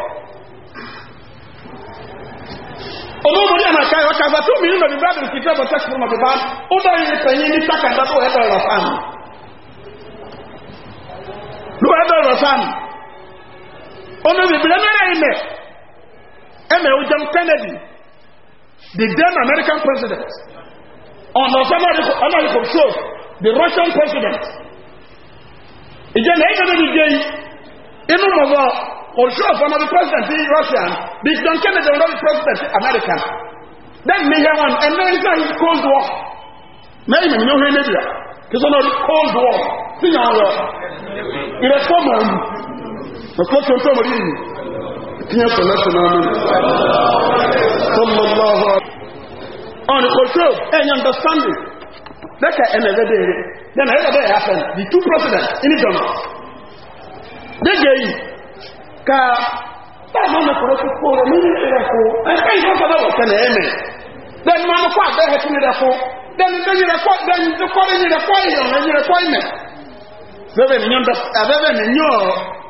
olóòmòdì àná ká ono bibire mẹ́rẹ̀ yìí mẹ́ ẹ̀mẹ̀ o john kennedy the then american president ọ̀nà ọ̀sán control the russian president ìjẹ́ náà ẹ̀ka níbi jẹ́ yìí inú mọ̀mọ́ òṣù ọ̀fọ̀nà the president ní russia the john kennedy ọ̀nà the president american then mi yẹ wọn ẹ̀mẹ́ ń sáyé cold war mẹ́rin mi ní ohun ẹ̀lẹ́bìà kí sọ́nà cold war sí yàn án lọ ìrẹsọ́mọ̀ ọ̀nù نقول كم تمر إيه كنا صلاة نامن صلى الله عليه أنا قلت له أي understanding لك أنا ذا then I ذا happen the two president in the they gay ka báwo ni kò lóko kó rẹ lórí rẹ kó ẹgbẹ́ yìí lọ́sọ̀dọ̀ wọ̀ sẹ́nẹ̀ ẹ̀ then máa ń kó àbẹ́rẹ́ fún rẹ kó then bẹ́yìn rẹ then kọ́ rẹ yìí rẹ kó èèyàn rẹ yìí rẹ kó ẹ̀mẹ́ bẹ́ẹ̀ ni yọ̀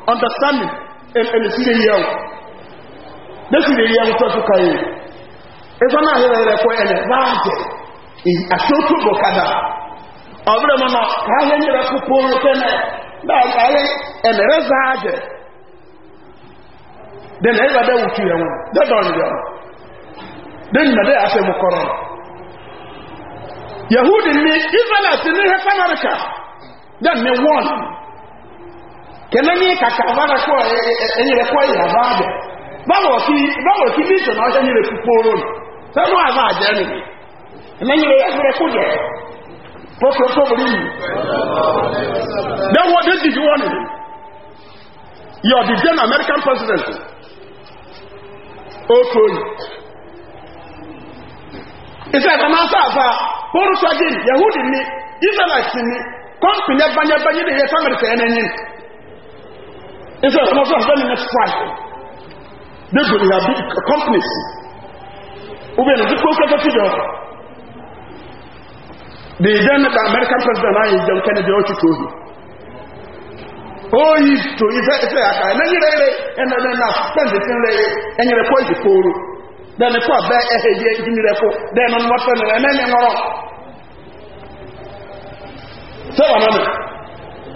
understanding ẹni sílé yẹ o lẹ́sílé yẹ o tọ́jú ká yìí ẹgbẹ́ náà yẹ ẹrẹ kọ ẹnẹ báàjẹ àṣọ́tò bọ̀kadà ọ̀bẹ̀rẹ̀ mọ́nà káyẹ̀ nyẹrẹ púpọ̀ tẹ́lẹ̀ náà káyẹ̀ ẹnẹrẹ záàjẹ dẹ́nà ẹgbẹ́ na wùtú yẹ wọn dẹ́dọ̀ nìyẹn dẹ́nà dẹ́ àṣẹ mu kọ́rọ̀ yahudi ni israel ni ní hẹ́fẹ́ amẹ́ríkà dẹ́nà wọ́n kẹlẹ́ni kàkà bárakọ́ ẹ̀yẹ̀rẹ̀kọ́ ìyàbá àbẹ̀ báwọ̀ kí bí ìṣọ̀nà ọjọ́ nílẹ̀ fi pòórò nì sẹ́nu àbá àjẹ́ nì ẹ̀lẹ́yìn ẹ̀yẹ̀rẹ̀kọ́ jẹ́ tókè tóbìrì yìí dẹ́wọ́ dé dìbí wọ́n nì yọ the then american president ó tó yahudi ni israelite ni Israel is also very next Friday. This will have big companies. Ubi na zikwo kaka tijo. The then the American president I John Kennedy Ochi Tohi. Oh, he to Israel is like I know you and then I spend the thing there and you report the poor. Then the poor bear eh, eh eh give me the poor. Then I'm not telling and then I'm wrong. So I'm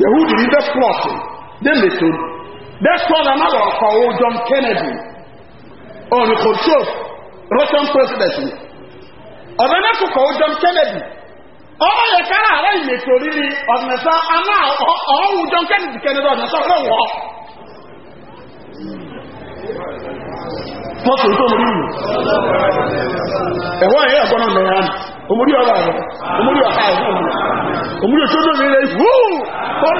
Yahudi leader plotting. Then they told Dẹ́sọ̀ ọ̀nà náà wọ̀ ọ̀kọ̀ wo John Kennedy on control Russian president. Ọ̀nà náà kọ̀kọ̀ wo John Kennedy. Ọmọ yẹn kára àárẹ̀ ìyè torí ni ọ̀nẹ́sà àná ọ̀hún John Kennedy Kennedy ọ̀nẹ́sà ọ̀rẹ́ wọ̀. Pọ́sù tó mú yìí. Ẹ̀wọ́n yẹn ẹ̀gbọ́n náà mẹ́rin àná. Omúrí ọ̀rọ̀ àrẹ̀. Omúrí ọ̀ká ẹ̀gbọ́n mi. Omúrí òṣèlú mi rẹ̀ wúù. Bọ́ọ̀lù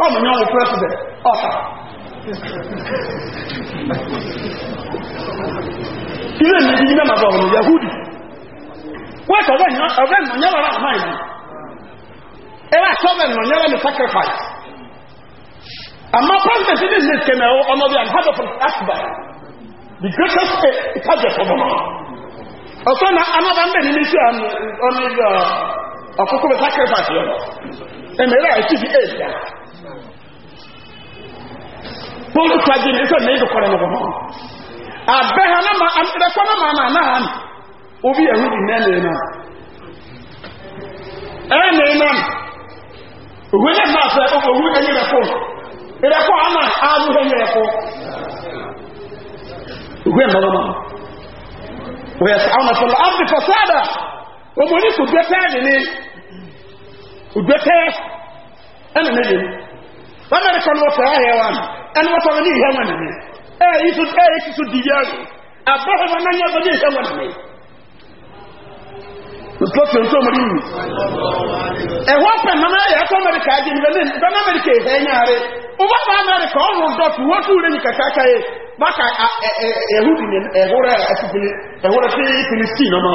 Come on, you're president. Ọ̀tà. Ilé mi di mẹ́mà bọ̀ ọ̀rọ̀ Yahudi. Wọ́n ẹ̀kọ́ ọ̀rẹ́ ìnáyà ọ̀rẹ́ ìnáyà ọ̀rẹ́ ìnáyà ìlú. Ẹ̀rẹ́ àti ọ̀rẹ́ ìnáyà ọ̀rẹ́ sacrifice. Àmọ́ president ní ìlú kẹ̀mẹ̀ ọmọ bíi àǹfààní fún Asba. The greatest state is Hajjat ọmọ náà. Ọ̀sán na anábà ń bẹ̀ nínú iṣẹ́ ọ̀nà ọ̀kọ́kọ́ bẹ̀ sacrifice yẹn. Ẹ̀mẹ̀rẹ̀ àìsí fi éèdì bóòlù tó ajé nígbà ní ìdòkọ́ rẹ̀ lọ́wọ́ náà abẹ́hà náà máa ẹ̀kọ́ náà máa náà náà hàn obi ẹ̀hún di náà nìyẹn náà ẹ̀yẹ nìyẹn náà òwe náà máa fẹ́ ọkọ̀ òwú ẹ̀yẹ rẹ̀ kọ́ ẹ̀rẹ̀ kọ́ àmà áàlú ẹ̀yẹ rẹ̀ kọ́ òwe ẹ̀ lọ́wọ́ náà wòye sọ àwọn ọ̀sán lọ́wọ́ bí fọ́sáàdà ọmọ oníkùgbẹ́tẹ́ ẹ̀dínní ògbẹ́tẹ́ ẹ̀ bábẹ̀rẹ̀ kan wọ́n fẹ́ ẹ̀hẹ́ wa ẹni wọ́n tọ́wọ́ ní ìhẹ́ wọn nìyẹn ẹ̀ yíṣu ẹ̀ yẹ kíṣu dìbí ẹ̀rù àbọ̀wọ̀ wọn náà yẹ wọ́n ní ìhẹ́ wọn nìyẹn. Ntọ́tò ntọ́ mo rí mi. Ẹ̀họ́ pẹ̀ mọ́nà ẹ̀yà ẹ̀kọ́ Amẹ́ríkà ẹ̀dì ní Benin bẹ́ẹ̀ Amẹ́ríkà ẹ̀hẹ́ ẹ̀yà rẹ̀. Ọba bá Amẹ́ríkà ọ̀rùn dọ̀tù wọ́n tún rẹ̀ ní kàkà ká yẹ. Báka ẹ̀hú di ní ẹ̀húrẹ́ ẹ̀fìfìlì ẹ̀húrẹ́ sí Filistin ọmọ.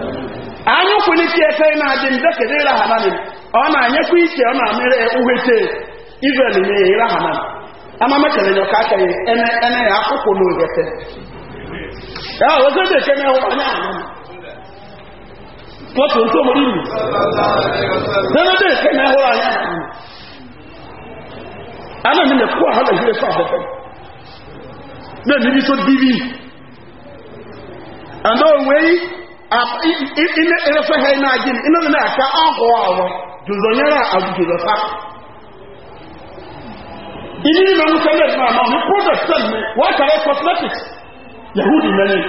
anyị kwụrụ ike eke na-adị mbe kedu ịra ha nanị ọ na-anyekwa ike ọ na-amịrị uhete izrel na ịra ha nanị amama kere nyọka aka ya ene ene ya akwụkwọ na ohete ya ọzọ dị eke na-ewu onye anọ kpọtụ ntụ omori iwu nene dị eke na-ewu onye anọ ana m na-ekwu ahụ na ihe fa ahụfe na-emebi so dibi and o wee ina erefe ha ina agin ina na aka ahụ ahụ jụzọ nyere agụjụzọ ta ini ni mamu sẹlẹ ma ma mu product sẹlẹ mi wọn kàrẹ yahudi mẹni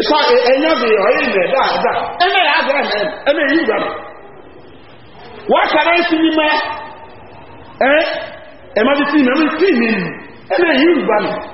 ìfọ e ẹnyẹ bi ọyẹ ilẹ dáadáa ẹnẹ yà ágbẹ ẹnẹ ẹnẹ yìí gbà mí wọn kàrẹ sinimá ẹ ẹ ma bi sinimá ẹ ma bi sinimá ẹnẹ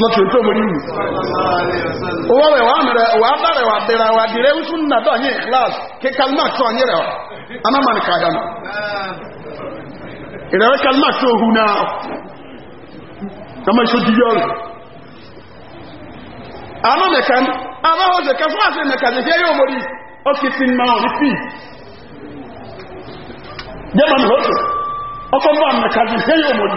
lọ́tí ojú ọmọ yìí owó rẹ̀ wà mẹ́rẹ̀ wà bẹ̀rẹ̀ wà bẹ̀rẹ̀ wà dìrẹ́ wùsùn náà dọ̀ class kí kalima tó ọ̀nyẹ́ rẹ̀ wà anamani kàdá nù ìrẹ̀wẹ̀ kalima tó ohu náà ọmọ ìṣojú yọ rẹ̀ àná nìkan àná ọ̀sẹ̀ kẹfọ́ àti nìkan ní ṣe yóò mọ̀rí ọkì sí ní máa ní pì jẹ́mọ̀ ní ọ̀sẹ̀ ọkọ̀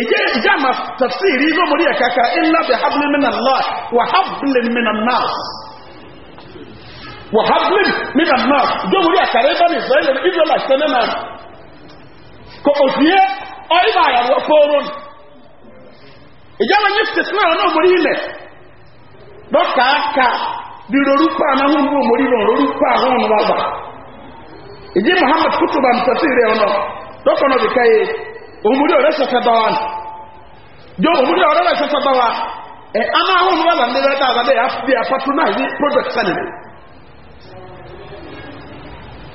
ìjẹ́ ìjáàmà tafsiri ló mọ̀rí ẹ̀kaka ilá bí hablin min allah wà hablin min annas wà hablin mọ̀rí ẹ̀kara ibà ní israẹli israẹli kò òsìyẹ ọ̀ìbà àyàwó kóorón ìjáàmà ní fìtìsínà náà mọ̀rí ilẹ̀ òmùdí ọ̀rẹ́ sọ̀fẹ́ bá wa jọ òmùdí ọ̀rẹ́ sọ̀fẹ́ bá wa ẹ̀ aná ahọ́n wọn wà nílẹ̀ dáadáa bẹ́ẹ̀ yà fi patronize project sẹ́lẹ̀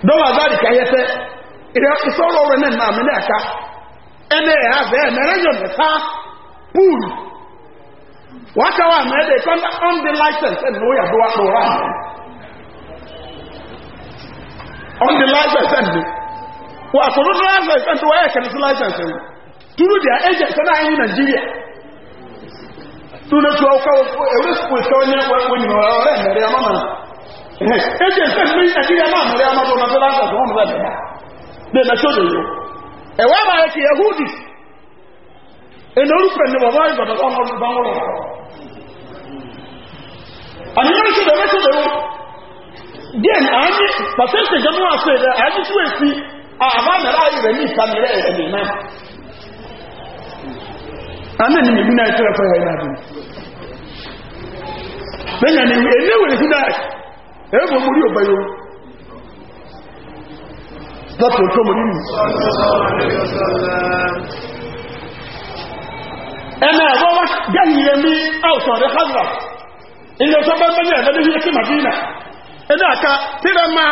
dọ́wọ́ àbáàdì ká yẹ fẹ́ ìrẹ́ ìsọ̀rọ̀ rẹ̀ náà nàá mi náà ká ẹnẹ́ ẹ̀ abẹ́ ẹ̀ mẹ́rẹ́ yọ̀ mẹ́ta pool wọ́n ká wà mẹ́ẹ̀dẹ̀ kọ́ńdà ọ́ndẹ license ẹ̀ ní yà bọ́ wà pọ̀ wá ọ́ndẹ license ẹ̀ e ní. wa for uh, license and why can the license through their agents and I in Nigeria to the to our every school uh, so uh, when when you are in the mama agents eh. and me and the mama na àbá nàrà ayé ní ìsàmìlẹ̀ ẹ̀mì náà àmì ni mìí náà ìṣẹ́rẹ̀ fẹ́ ẹ̀yìn àdùn lẹ́yìn ni èyí wèrè sí náà ẹ̀rọ mú rí yóò lọ́tọ̀ tó mú nínú ẹ̀mẹ̀ ẹ̀rọ wá gẹ́yìn rẹ̀ rẹ̀ hazard ilẹ̀ ọ̀sán bẹ́ẹ̀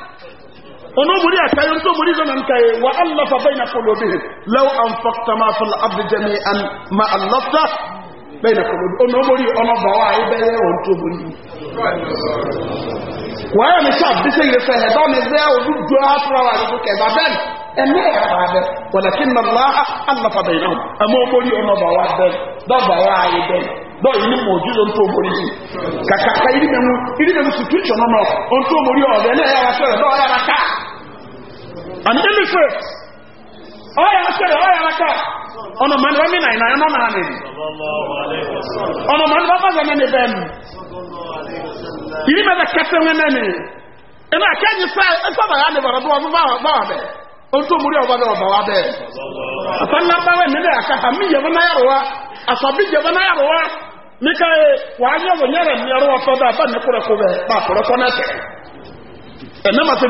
ono muri akayo to muri zo nan kai wa allafa baina qulubihim law anfaqta ma fil ardi jami'an ma allafta baina qulubi ono muri ono ba wa ai bele on to muri wa ya mi sab dise ye fa heba mi ze o du do afra wa ko ke ba ben e me ya ba be walakin allah allafa bainahum amo muri ono ba wa be do ba wa ai be dɔw yi ni mɔju ló ń tó mori yi kàkàkà yi ni mɛmu yi ni mɛmu sutu tsɔnɔ nɔ ó ń tó ɔbɛ ne yàrá sɔrɔ dɔw yàrá ká. an illiterate ọya akẹrẹ ọya aka ọ̀nà mọ̀ nípa mìíràn ìnáyà náà náà nìyí ọ̀nà mọ̀ nípa fásitì ẹ̀mẹ́ nípa yìí mẹ́ta kẹfẹ́ wọn náà nìyí ẹ̀nà sá ẹ̀sọ́bà yà nípa ọ̀dọ́ ọdún bá wà bẹ́ẹ̀ ohun tó múrí ọba náà ọba bẹ́ẹ̀ àtàlá báwẹ̀ nílẹ̀ àká àmì yẹ̀ wọn náà yàrá wa àsọ̀bí yẹ̀ wọn náà yàrá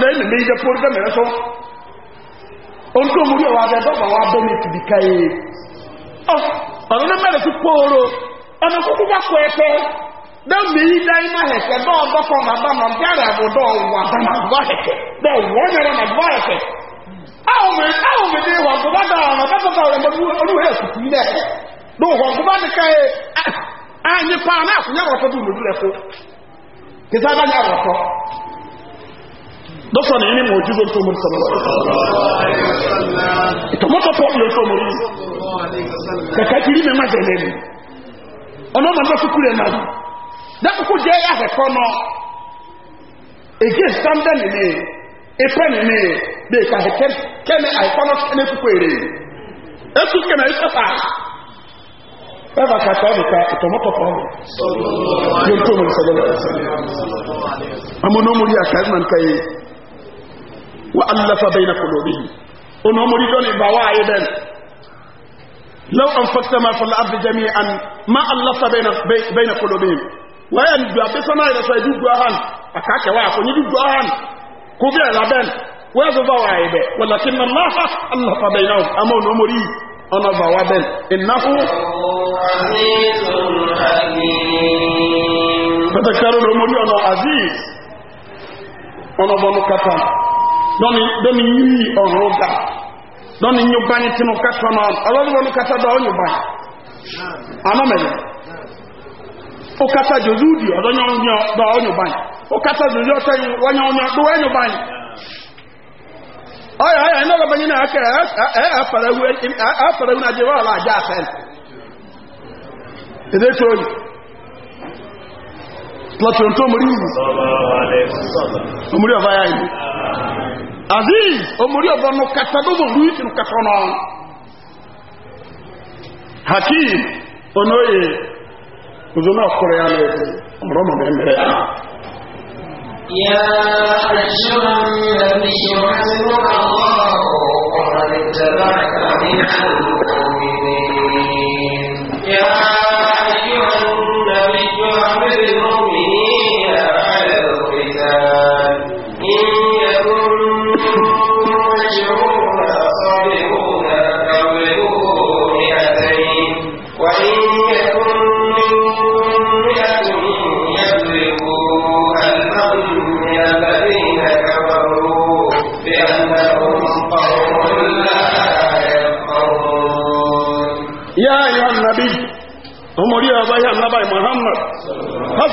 wa mi yàrá ọdún mú rí ọwà àbẹ́dọ́gbà wà bẹ́mẹ̀ ti dìkà yìí ọ̀rọ̀ ní mẹ́rin tó pòórò ọ̀nà kúkú bá kọ ẹ̀kẹ́ dẹ́mì yí dá iná ẹ̀kẹ́ náà dọ́kọ̀ nà bá nà bí ara àbò wà dá nà ẹ̀kẹ́ bẹ́ẹ̀ wọ́n yẹrẹ nà ẹ̀kẹ́ dọ́sọ̀ ní ní mọ̀júzọ́ tó mọ̀ sọ̀rọ̀ ìtọ̀mọ́tọ̀ pọ̀ lọ sọ̀rọ̀ yìí kàkà kiri mẹ́ma jẹ̀lẹ̀ ni ọ̀nà ọ̀nà ọ̀nà sukuu rẹ̀ náà dẹ́kùkù jẹ́ ahẹ̀kọ́ nọ èjì sàndẹ̀ nìyí ìpẹ́ nìyí bẹ́ẹ̀ kà hẹ̀kẹ́ kẹ́mi àìkọ́ náà kẹ́mi kúkú èrè ètù kẹ́mi àìkọ́ fà ẹ̀fà kàtà ọ̀dùkà ìtọ̀mọ́tọ̀ pọ̀ lọ وألف بين قلوبهم أنهم يريدون بواعدا لو أنفقت ما في الأرض جميعا ما ألف بين بين قلوبهم وين بيعطينا إذا سيدوا جواهان أكاك واعفو يدوا جواهان كوبيا لابن وين بواعد ولكن الله ألف بينهم أما أنهم أنا بواعدا إنه عزيز حكيم يريد الأمور أنا عزيز أنا بنو كتان dɔnni dɔnni nyuyi ɔrɔ da dɔnni nyubanyi tinu ka kɔnɔ ɔlɔdi wɔni kata dɔ ɔnyubanyi ama mɛ yɛ o kata jozu di ɔdɔ nyɔnyɔ dɔ ɔnyubanyi o kata jozu ɔtɛ yi wɔnyɔnyɔ do ɔnyubanyi ɔyɛ ɔyɛ ɛnɛ ɔlɔdi wɔni akɛ ɛ ɛfɛrɛ wu ɛfɛrɛ wu na di láti ohun tó mú rí ìlú omúrí ọba ya ìlú aziz omúrí ọba nù kàtà ìlú ìtì nù hakim onóye òzò náà ya lọ mọ̀ mẹ́mẹ́rẹ́ ya يا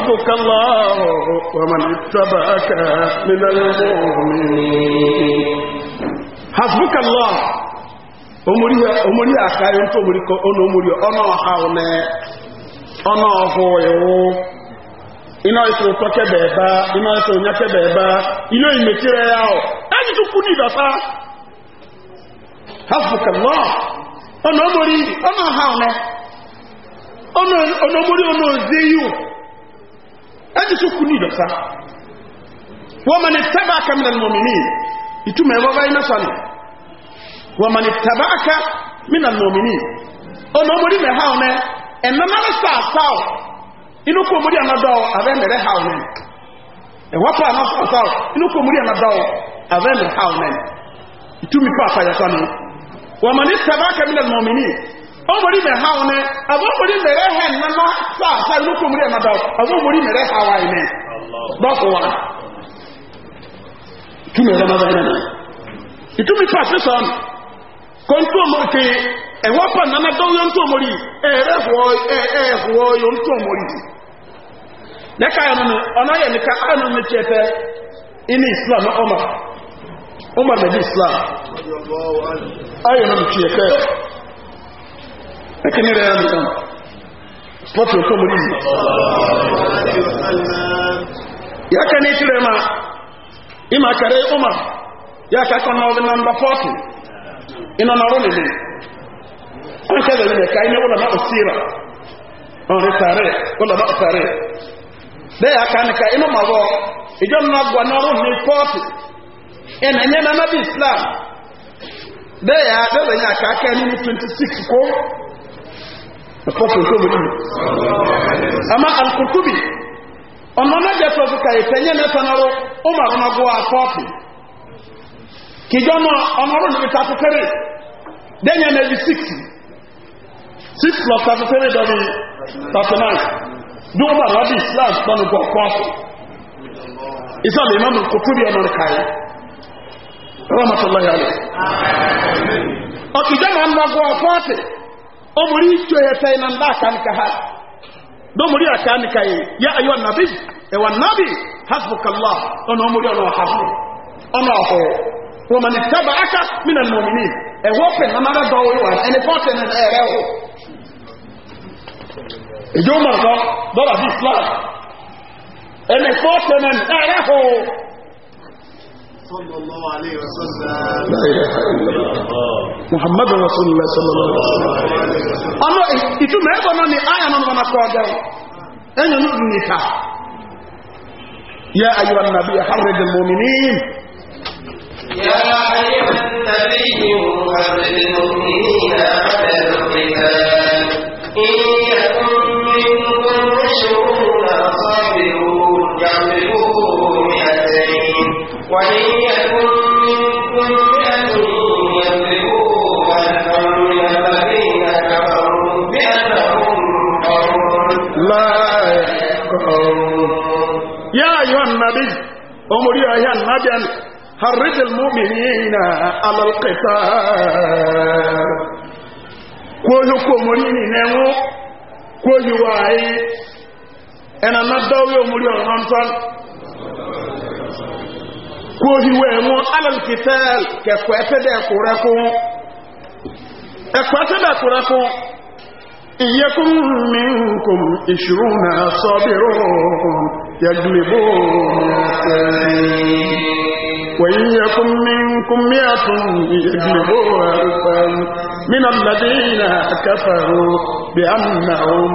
ربك الله ومن اتبعك من المؤمنين حسبك الله omori omori akayo nto omori ko ono omori ono ha one ina iso ya o ani tu kuni da pa ẹni tó kú ní ìdọ̀sá wọ́n mọ̀ ní tẹ́bà aka mi nàlùmọ̀ mi ní ìtumọ̀ ẹ̀wọ́ báyìí náà sọ́nù wọ́n mọ̀ ní tẹ́bà aka mi nàlùmọ̀ mi ní ọmọ ọmọdé mẹ́ha ọ̀nẹ́ ẹ̀nàmà sàásà ọ̀ inú kú ọmọdé ànádọ́ abẹ́ mẹ́rẹ́ ha ọ̀nẹ́ ẹ̀wọ́ pa àná sàásà ọ̀ inú kú ọmọdé ànádọ́ abẹ́ mẹ́rẹ́ ha ọ̀nẹ́ ìtumọ̀ ìfọ̀ àfàyàsọ́nù wọ́n mọ̀ ní tẹ́bà aka mi nàlùmọ̀ ọmọdé mẹ ha wọn abọmọdé mẹrẹ hẹ nana sa sa inú na múlẹ nàdọ abọmọdé mẹrẹ ha wa yìí mẹ bọkọ wa túmẹ ẹrẹ nàdọ yìí nà ìtumí pàṣẹ sọm kọńtò mọkè ẹwọ pa nana dọwọ yọ ntọ mọrí ẹrẹ hùwọ ẹ ẹ hùwọ yọ ntọ mọrí na yẹn nínú ọ̀nà yẹn nìka ẹnu mi tiẹ tẹ inú islam na ọmọ mẹbi islam na nínú ẹkẹni rẹ̀ ẹ̀rọ kan slọ́tí ọ̀tọ́ mú nìyí ya kẹ ní ìtìrẹ̀ ma ìmà kẹrẹ ọmọ ya kẹkọ náà ọdún nàmbà fọ́ọ̀tù iná náà rọ nìyí wọn kẹrẹ ní ẹka iná wọlọmọ òsìrà ọrẹ tààrẹ wọlọmọ òtààrẹ bẹẹ aka nìka inú ma wọ ìjọ náà gbọ náà ní ẹnà náà bí aka 26 kó. ama alukutubi ɔnɔnɔ jɛ tɔ ka yi tɛnyɛ n'ɛfɛ n'ɔrɔ ɔmɔ ɔnɔgɔ akɔɔfi kìjọ nọ ɔnɔrɔ níbi tatu fere na n'ebi six six plus tatu fere dɔ bi tatu nine bí ɔmɔ islam tɔnu gɔ kɔɔfi islam yìí mɔmu kutubi ka yi omori ijo ya sai nan da ha do muri aka ni kai ya ayu annabi e wa nabi hasbukallah ono omori ono hafu ono ho wa taba aka min almu'minin e wo pe na mara do wa ene forte na ere ho e jo mar do do la islam ene forte na ere ho صلى الله عليه وسلم لا إله إلا الله محمد رسول الله صلى الله عليه وسلم آية أنا إتوما أنا ني آية أنا أنا كوجا أنا نبنيها يا أيها النبي حرج المؤمنين يا أيها النبي حرج المؤمنين على القتال إن يكن منكم مشروع وإن يكن منكم مئة يضربوا وأنهم من الذين كفروا بأنهم قوم لا يفقهون يا أيها النبي أمري أيها النبي حرض المؤمنين على القتال kóyókó mórí nìyẹn wọn kóyówó ayé ẹnana dáwó yóò mórí kóhíwé mú alàlùkìtẹ́ kẹ̀kọ́ ẹ̀fẹ́dẹ̀ ẹ̀kúrẹ́ fún ẹ̀kọ́ ẹ̀fẹ́dẹ̀ ẹ̀kúrẹ́ fún ìyẹ́kùn mi nkùn ìṣòro منكم مئة يجلبوا ألفا من الذين كفروا بأنهم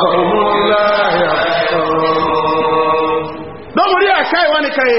قوم لا يفقهون. دوري أكاي واني كاي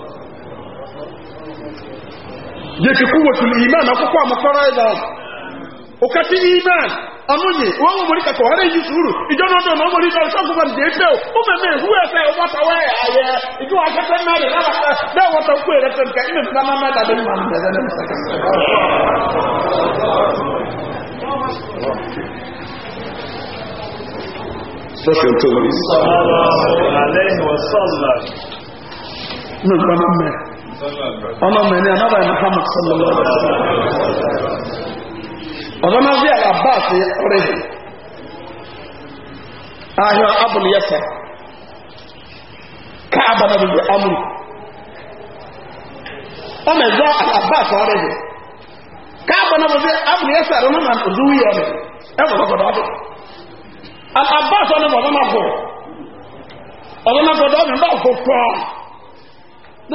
yake kuwatul iman akwụkwọ amụkọrọ ịda iman ọmụnye onwe nwere kakọ hara eji suru ijọ na ọdọ na ọmụrụ ijọ ọsọ ọgụgụ ndị ebe ụmụme hụ efe ụgbọtawa ya ahịa ijọ akata mmadụ na na ime mkpa na mmadụ adị mma mmadụ adị mma Sọ́ṣọ́ tó ọmọ mẹ́ni anábà muhammad sallallahu alaihi wa sallam ọ̀dọ́ máa ń abbas ahịa abụl yasa ka abana bụ amụ ọ mezọ abbas rẹ̀ ka abụl na nduwi ya rẹ̀ ẹgbẹ̀ gbọ́dọ̀ na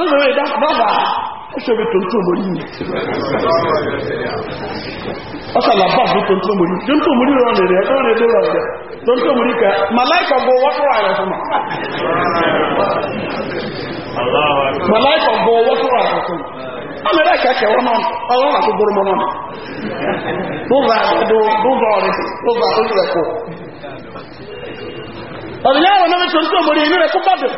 lọ́nà rẹ̀ dábàá ẹ̀ṣọ́bẹ̀ tó ń tó mọ̀ yìí ọ́sàlàbà tó ń tó mọ̀ yìí tó ń tó mọ̀ yìí rọrùn rẹ̀ lọ́rẹ̀ lọ́rọ̀ rẹ̀ tó ń tó mọ̀ yìí ká màláìkà gbọ́ wọ́tọ́rọ̀ ààrẹ fún màláìkà gbọ́ wọ́tọ́rọ̀ ààrẹ fún ọmọdé kẹkẹ wọn náà ọlọ́run àti gbọ́rọ̀ mọ́ náà bóbá àdó bóbá ọ̀rẹ́ bóbá ó yẹ kó ọ̀rẹ́ yàrá náà tó ń tó mọ̀ yìí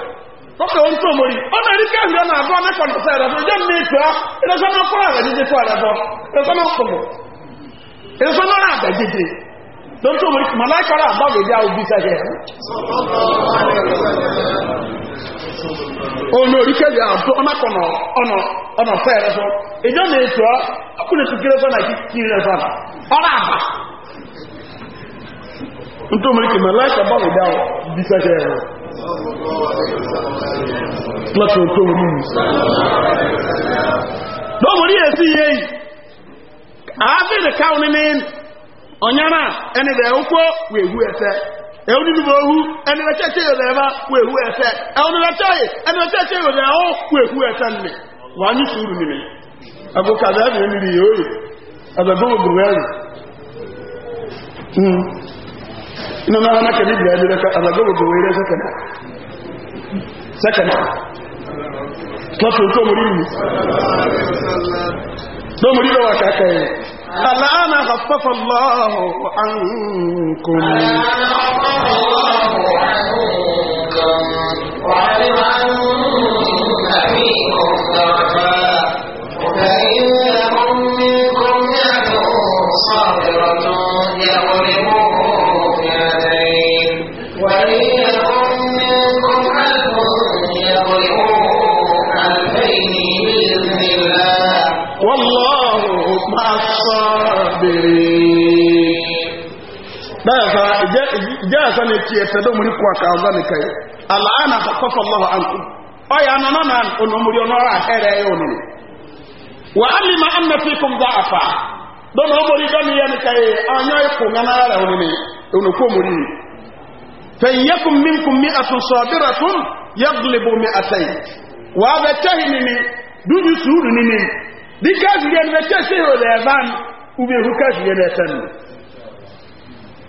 lọ́pẹ̀ ohun tó mórí ọmọ ẹ̀rí kẹ́hìrọ náà bọ́ mẹ́kànlọ́sẹ̀ rẹ̀ fún jẹ́ mẹ́tọ́ ìrẹsọ́nà kọ́rọ̀ rẹ̀ jíjẹ́ kọ́ rẹ̀ bọ́ ìrẹsọ́nà kọ̀mọ̀ ìrẹsọ́nà rẹ̀ àgbẹ̀jẹ̀jẹ̀ ló ń tó mórí màláìkọ́rọ̀ àbọ̀wẹ̀ bí àwọn bíṣẹ́ rẹ̀ ohun orí kẹ́hìrọ àbọ̀ ọmọkànlọ́ ọ̀nà fẹ́ rẹ̀ fún ìjọ́ mẹ́tọ́ ọkùnrin nítorí mo ní kìí mẹ́láìkà bá wò dáwọ̀ bí sẹ́kẹ̀ ẹ̀rọ lọ́tọ̀ tó wù mí lọ́wọ́ ní èsì yé yìí káwọn ní ọ̀nyára ẹni rẹ̀ ń kó wèwú ẹsẹ̀ ẹ̀hún nínú ohu ẹni rẹ̀ kẹ́kẹ́ yóò rẹ̀ bá wèwú ẹsẹ̀ ẹ̀hún rẹ̀ kẹ́yì ẹni rẹ̀ kẹ́kẹ́ yóò rẹ̀ ó wèwú ẹsẹ̀ nì wàá ní sùúrù nìmi àgùkàdé ẹ̀mí nìyí òye àgbẹ̀gbọ́n ina na hana kani biya jira ka alaga wa gowe re saka na saka to muri ni do muri da waka kai al'ana khaffafa Allah ankum wa alima ankum jaza ne tie pe do muri kwa ka za kai al'ana fa qafa Allah aya na na nan ono muri ono ra here yo ni wa alima anna fikum da'afa do no muri do ni yan kai anya ko ngana ra oni ni ono ko muri fayyakum minkum mi'atun sabiratun yaghlibu mi'atayn wa batahini ni duju suru ni ni dikazi ya ban ube hukazi ya tanu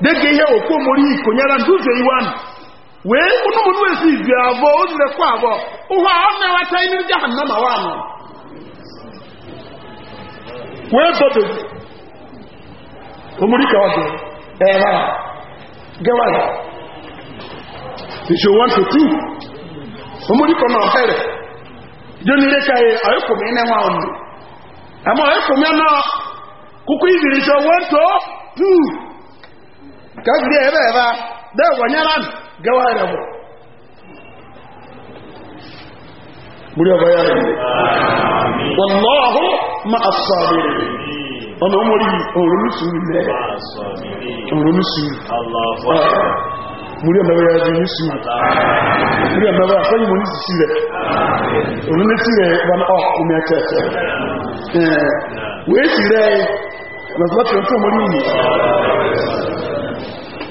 dege ihe okomori omori ikonyere ụzọ iwan wee ụnụmụnụ esi izi abụọ ozire kwa abụọ ụwa ọ na-eweta ihe ndị ahụ nọ na nwaanyị wee omori ka ọ dị ebe a gawara ìṣòwò one to two omori kọ na ka kagiri ebe ebe a dewanyere m gawa ya bụ gburi ọba ya rẹ̀ wọ̀lọ́ọ̀hún ma a sọ̀rọ̀ ọ̀nà ọmọrí òrùn sùúrù rẹ̀ òrùn sùúrù gburi ya rẹ̀ ní sùúrù gburi ọba ya fẹ́yìn ah, eh, mọ̀ ní sisi rẹ̀ òrùn ní sí rẹ̀ wọn ọ̀ omi ẹ̀kẹ́ ẹ̀kẹ́ wẹ́ẹ̀sì rẹ̀ lọ́sọ́tì ọ̀tún ọmọrí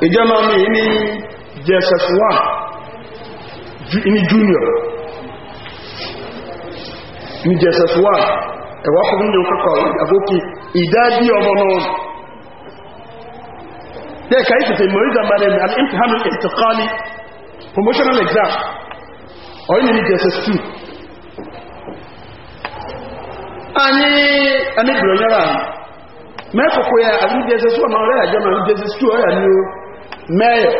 ìjọ náà ní ní jss1 ní junior ní jss1 ẹ̀wọ́ fún ní òkúkọ̀ àgbókè ìdádí ọmọ náà dẹ́ ka ìfẹ̀fẹ̀ ìmọ̀rí zambanin ní al'imtihanul ìtìkọ́lì promotional exam ọ̀yìn ní jss2 anyị anịbiri onye ra mẹ́kọ̀kọ̀ ya àbí jss1 ọ̀rẹ́ àjọ na jss2 ọ̀rẹ́ ni mẹ́yọ̀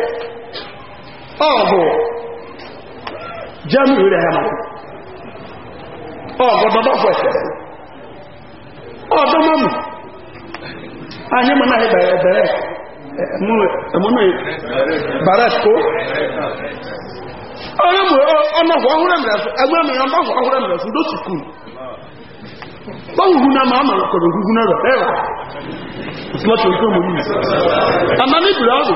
ọ̀bù bụ rẹ̀ ẹ̀mà ọ̀gọ̀dọ̀dọ̀ Ọ ọ̀dọ́ mọ́mù anyị e, mụ e, naghị bere ebere emume baretko onye mụ ọnọgwụ ọhụrụ emere asụ egbe mere ọnọgwụ ọhụrụ emere asụ ndo si kwuru gbọwuhu na ma amara kọrọ ohuhu na rọ ewa ọtụmatụ nke omume amamigburu ọrụ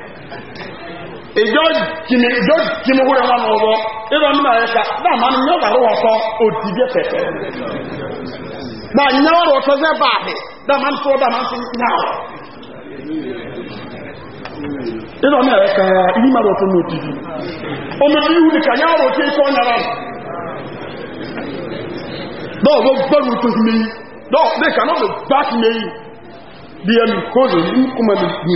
ìjọ jìnnì na wọn lọ́wọ́ ìrọ nínú àyẹ̀ká náà máa ń yọ ọ̀rọ̀ ọ̀tọ̀ òdì bí pẹ̀pẹ̀ náà ń yọ ọ̀rọ̀ ọ̀tọ̀ sẹ́ báàbì máa ń tó náà máa ń fi náà ìrọ nínú àyẹ̀ká ìní máa rọ̀ bí ní ọ̀rọ̀ nyara gbọ́rù tó mi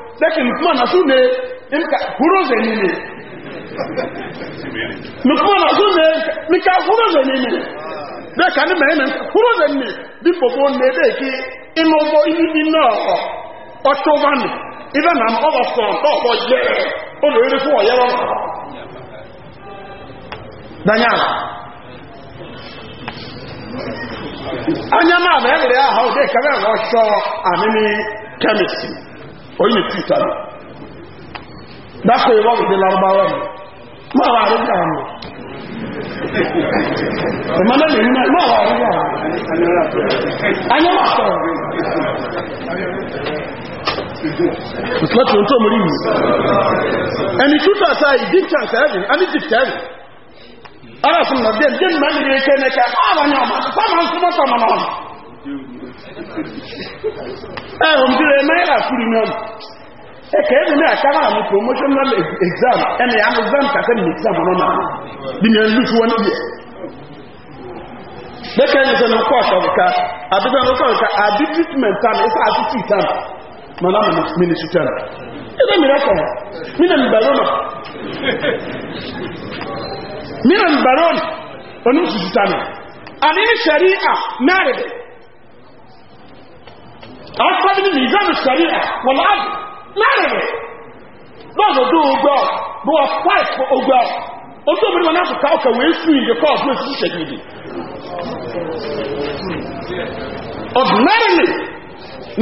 lẹ́kìn na asúne nka húrózẹ̀ nínú na asúne nka húrózẹ̀ nínú lẹ́kà ní mẹ́rin húrózẹ̀ nínú bí gbogbo nẹ́ẹ̀dẹ́ kí inú ọmọ inú nínú danya anya oyin ne tuta ne dako yi wɔn de larubawa ne ma wa are gba ano ɛma na ne nina ma wa are gba ano anya ma sɔrɔ ìsìlẹ̀ tó ń tó mọ́rí yìí ẹni tútà sáà ìdí chance ẹ̀rìn ẹni dì tẹ́rìn ara fún mi dé dé mẹ́rin ní ẹ̀kẹ́ ní ẹ̀kẹ́ àwọn ọmọ sábà náà ahụ m na naira furu ihe ọnụ ka ebe na akara ahụ promotional exam ene ya anụ exam na exam ọnụ dị na wani bịa dịka enyi sị na nkwa ọsọ ka adịba nkwa ka adị na ministry tam ebe mmiri ọkọ mmiri mbaro nọ mmiri mbaro nọ onye nsusu tam adị shari'a narịdị ọ̀pọ̀ ní mìíràn sẹ̀rí ẹ̀ wọ́n láàbù láàrin rẹ̀ lọ́dọ̀ dó ogbọ́ bó wọ́n ogbọ́ ojú omi wọn láti ká ọkọ̀ wèé sùn ìyẹ kọ́ ọ̀pọ̀ èsì ṣẹ̀dì ìdì ordinarily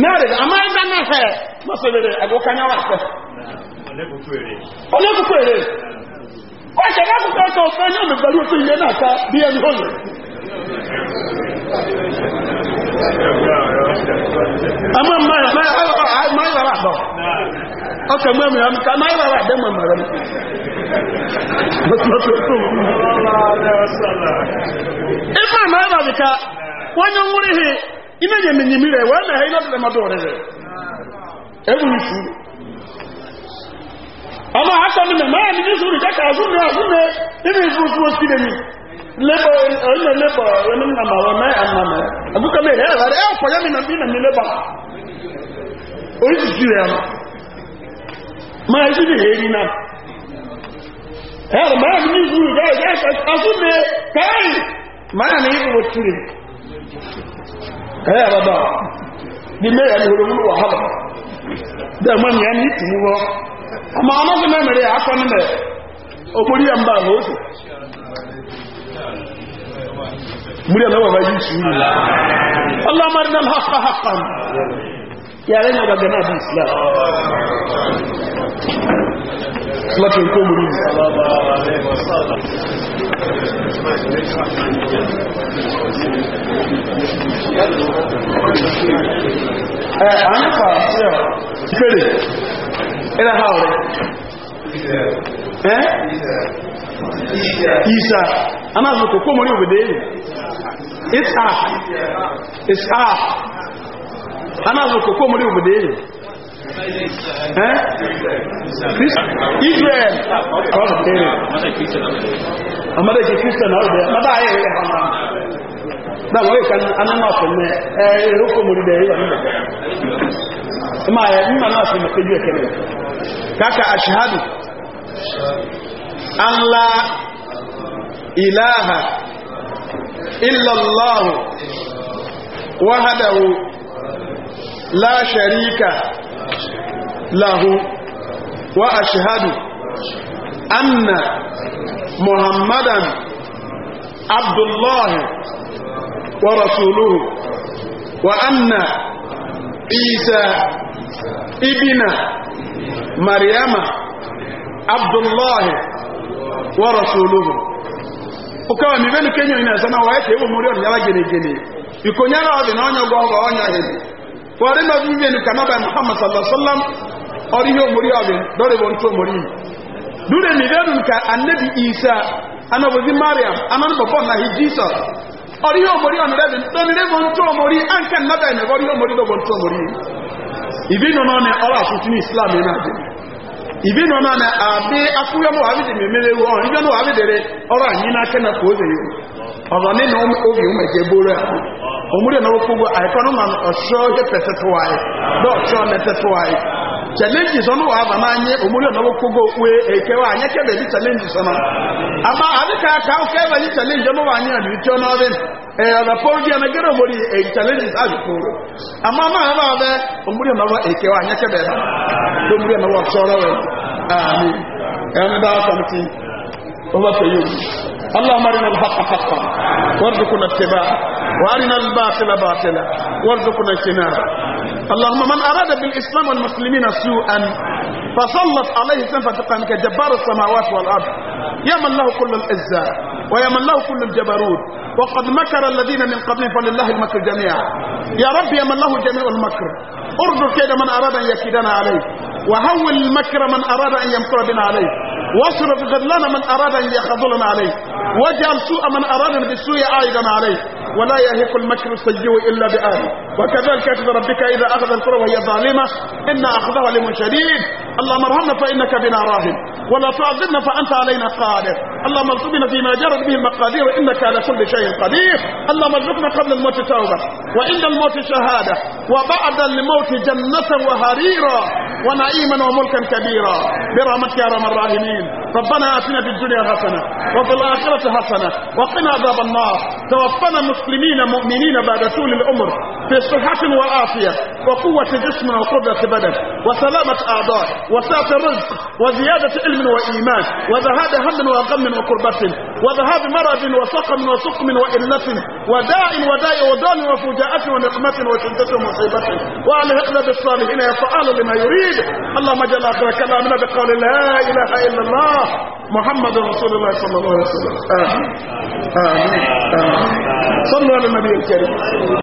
married àmọ́ ẹgbẹ́ náà fẹ́ lọ́sọ̀rẹ̀ àgbọ̀kányá wà fẹ́ olókùnkùn ama ma ma ma yi wara dɔn ɔkè ka ma yi wara ma ma rɛ ifa ma yi wara ka wɔn nyɛ nwuri hi ina nyɛ mi nyimi rɛ wɔn na hɛ ina tɛ ma dɔn rɛ ewu na ma yɛ mi ka leba ɔna leba ɔna nama ɔna ama mɛ abuka mi ɛyɛ ɛyɛ ɔkɔyɛ mi na mi na mi leba oyi ti ti yɛ maa yi ti di hɛ yina ɛyɛ maa mi ni wuru ɛyɛ ɛyɛ asu mi maa mi yi ɛyɛ mi yɛ ni wolo wolo dɛ mo yɛ ni wɔ fi na mi yɛ akɔ ni mɛ yɛ lɔ o ti. مريم هو ما يجي اللهم ارنا الحق حقا يا رينا بدنا الاسلام صلاة الكوم صلى الله عليه وسلم أنا فاهم كده إلى هاوري إيه isa anazu ko ko mori obede yi isa isa anazu ko ko mori eh israel amada ke kristian na ọrọ mada ayé rẹ ha na na wọn kan anana ọfẹmẹ ẹ ẹrọ ko mori bẹ yi wa ma ya mma náà fi mọ pẹlú ẹkẹlẹ kaka أن لا إله إلا الله وهده لا شريك له وأشهد أن محمدا عبد الله ورسوله وأن عيسى ابن مريم Abdullahi الله ورسوله ukawa mivenu kenyo inasema waeke huo murio ni gene gene nyara wabi na onyo gwa wa kanaba ya muhammad sallallahu sallam ori hiyo murio wabi dore bonto ka isa anabuzi mariam na hi ori hiyo murio ni rebi donire bonto muri anka naba ya mevori hiyo murio bonto muri ivino none asutini islam na ibi nọ na abi afụghị ọmụ abị dị mmemme ewu ọrụ ibi ọmụ abị dịrị ọrụ anyị n'aka na ka o dịrị ọzọ nị na obi ụmụ eje bụrụ ya omuri na okwugwo anyị kọrọ na ọchọọ ihe petetụ anyị na ọchọọ tụwa anyị challenges ọnụ wa aba n'anya omori ọnọwọ kogo okwe ekewa anyị kebe ji challenges ama adịka aka ụka ebe ji challenge ọnụ wa anyị na ike n'ọdị ọba pọlji na gere omori challenges azụ kwuru ama ama aba abe omori ekewa anyị kebe ebe omori ọnọwọ chọrọ ọba اللهم ارنا الحق حقا وارزقنا اتباعه وارنا الباطل باطلا وارزقنا اجتنابه اللهم من أراد بالإسلام والمسلمين سوءا فسلط عليه سنفة فقامك جبار السماوات والأرض يا من له كل العزة ويا من له كل الجبروت وقد مكر الذين من قبلهم فلله المكر جميعا يا رب يا من له جميع المكر ارجو كيد من أراد أن يكيدنا عليه وهول المكر من أراد أن يمكر بنا عليه واصرف غلنا من أراد أن يخذلنا عليه واجعل سوء من أراد بالسوء عائدا عليه ولا يهيق المكر السيء إلا بآله وكذلك كتب ربك إذا أخذ القرى وهي ظالمة إن أخذها لمن شديد اللهم ارحمنا فإنك بنا راهب ولا تعذبنا فأنت علينا قادر اللهم ارزقنا فيما جرت به المقادير إنك على كل شيء قدير اللهم ارزقنا قبل الموت توبة وعند الموت شهادة وبعد الموت جنة وهريرا ونعيما وملكا كبيرا برحمتك يا رب الراحمين عليهم ربنا آتنا في الدنيا حسنة وفي الآخرة حسنة وقنا عذاب النار توفنا مسلمين مؤمنين بعد طول العمر في صحة وعافية وقوة جسم وقدرة بدن وسلامة أعضاء وسعة رزق وزيادة علم وإيمان وذهاب هم وغم وقربة وذهاب مرض وسقم وسقم وإلة وداء وداء ودان وفجاءة ونقمة وشدة ومصيبة وألهقنا بالصالحين يا فعال لما يريد اللهم اجعل آخر كلامنا بقول لا إله إلا الله الله محمد رسول الله صلى الله عليه وسلم آمين آمين, آمين. صلوا على النبي الكريم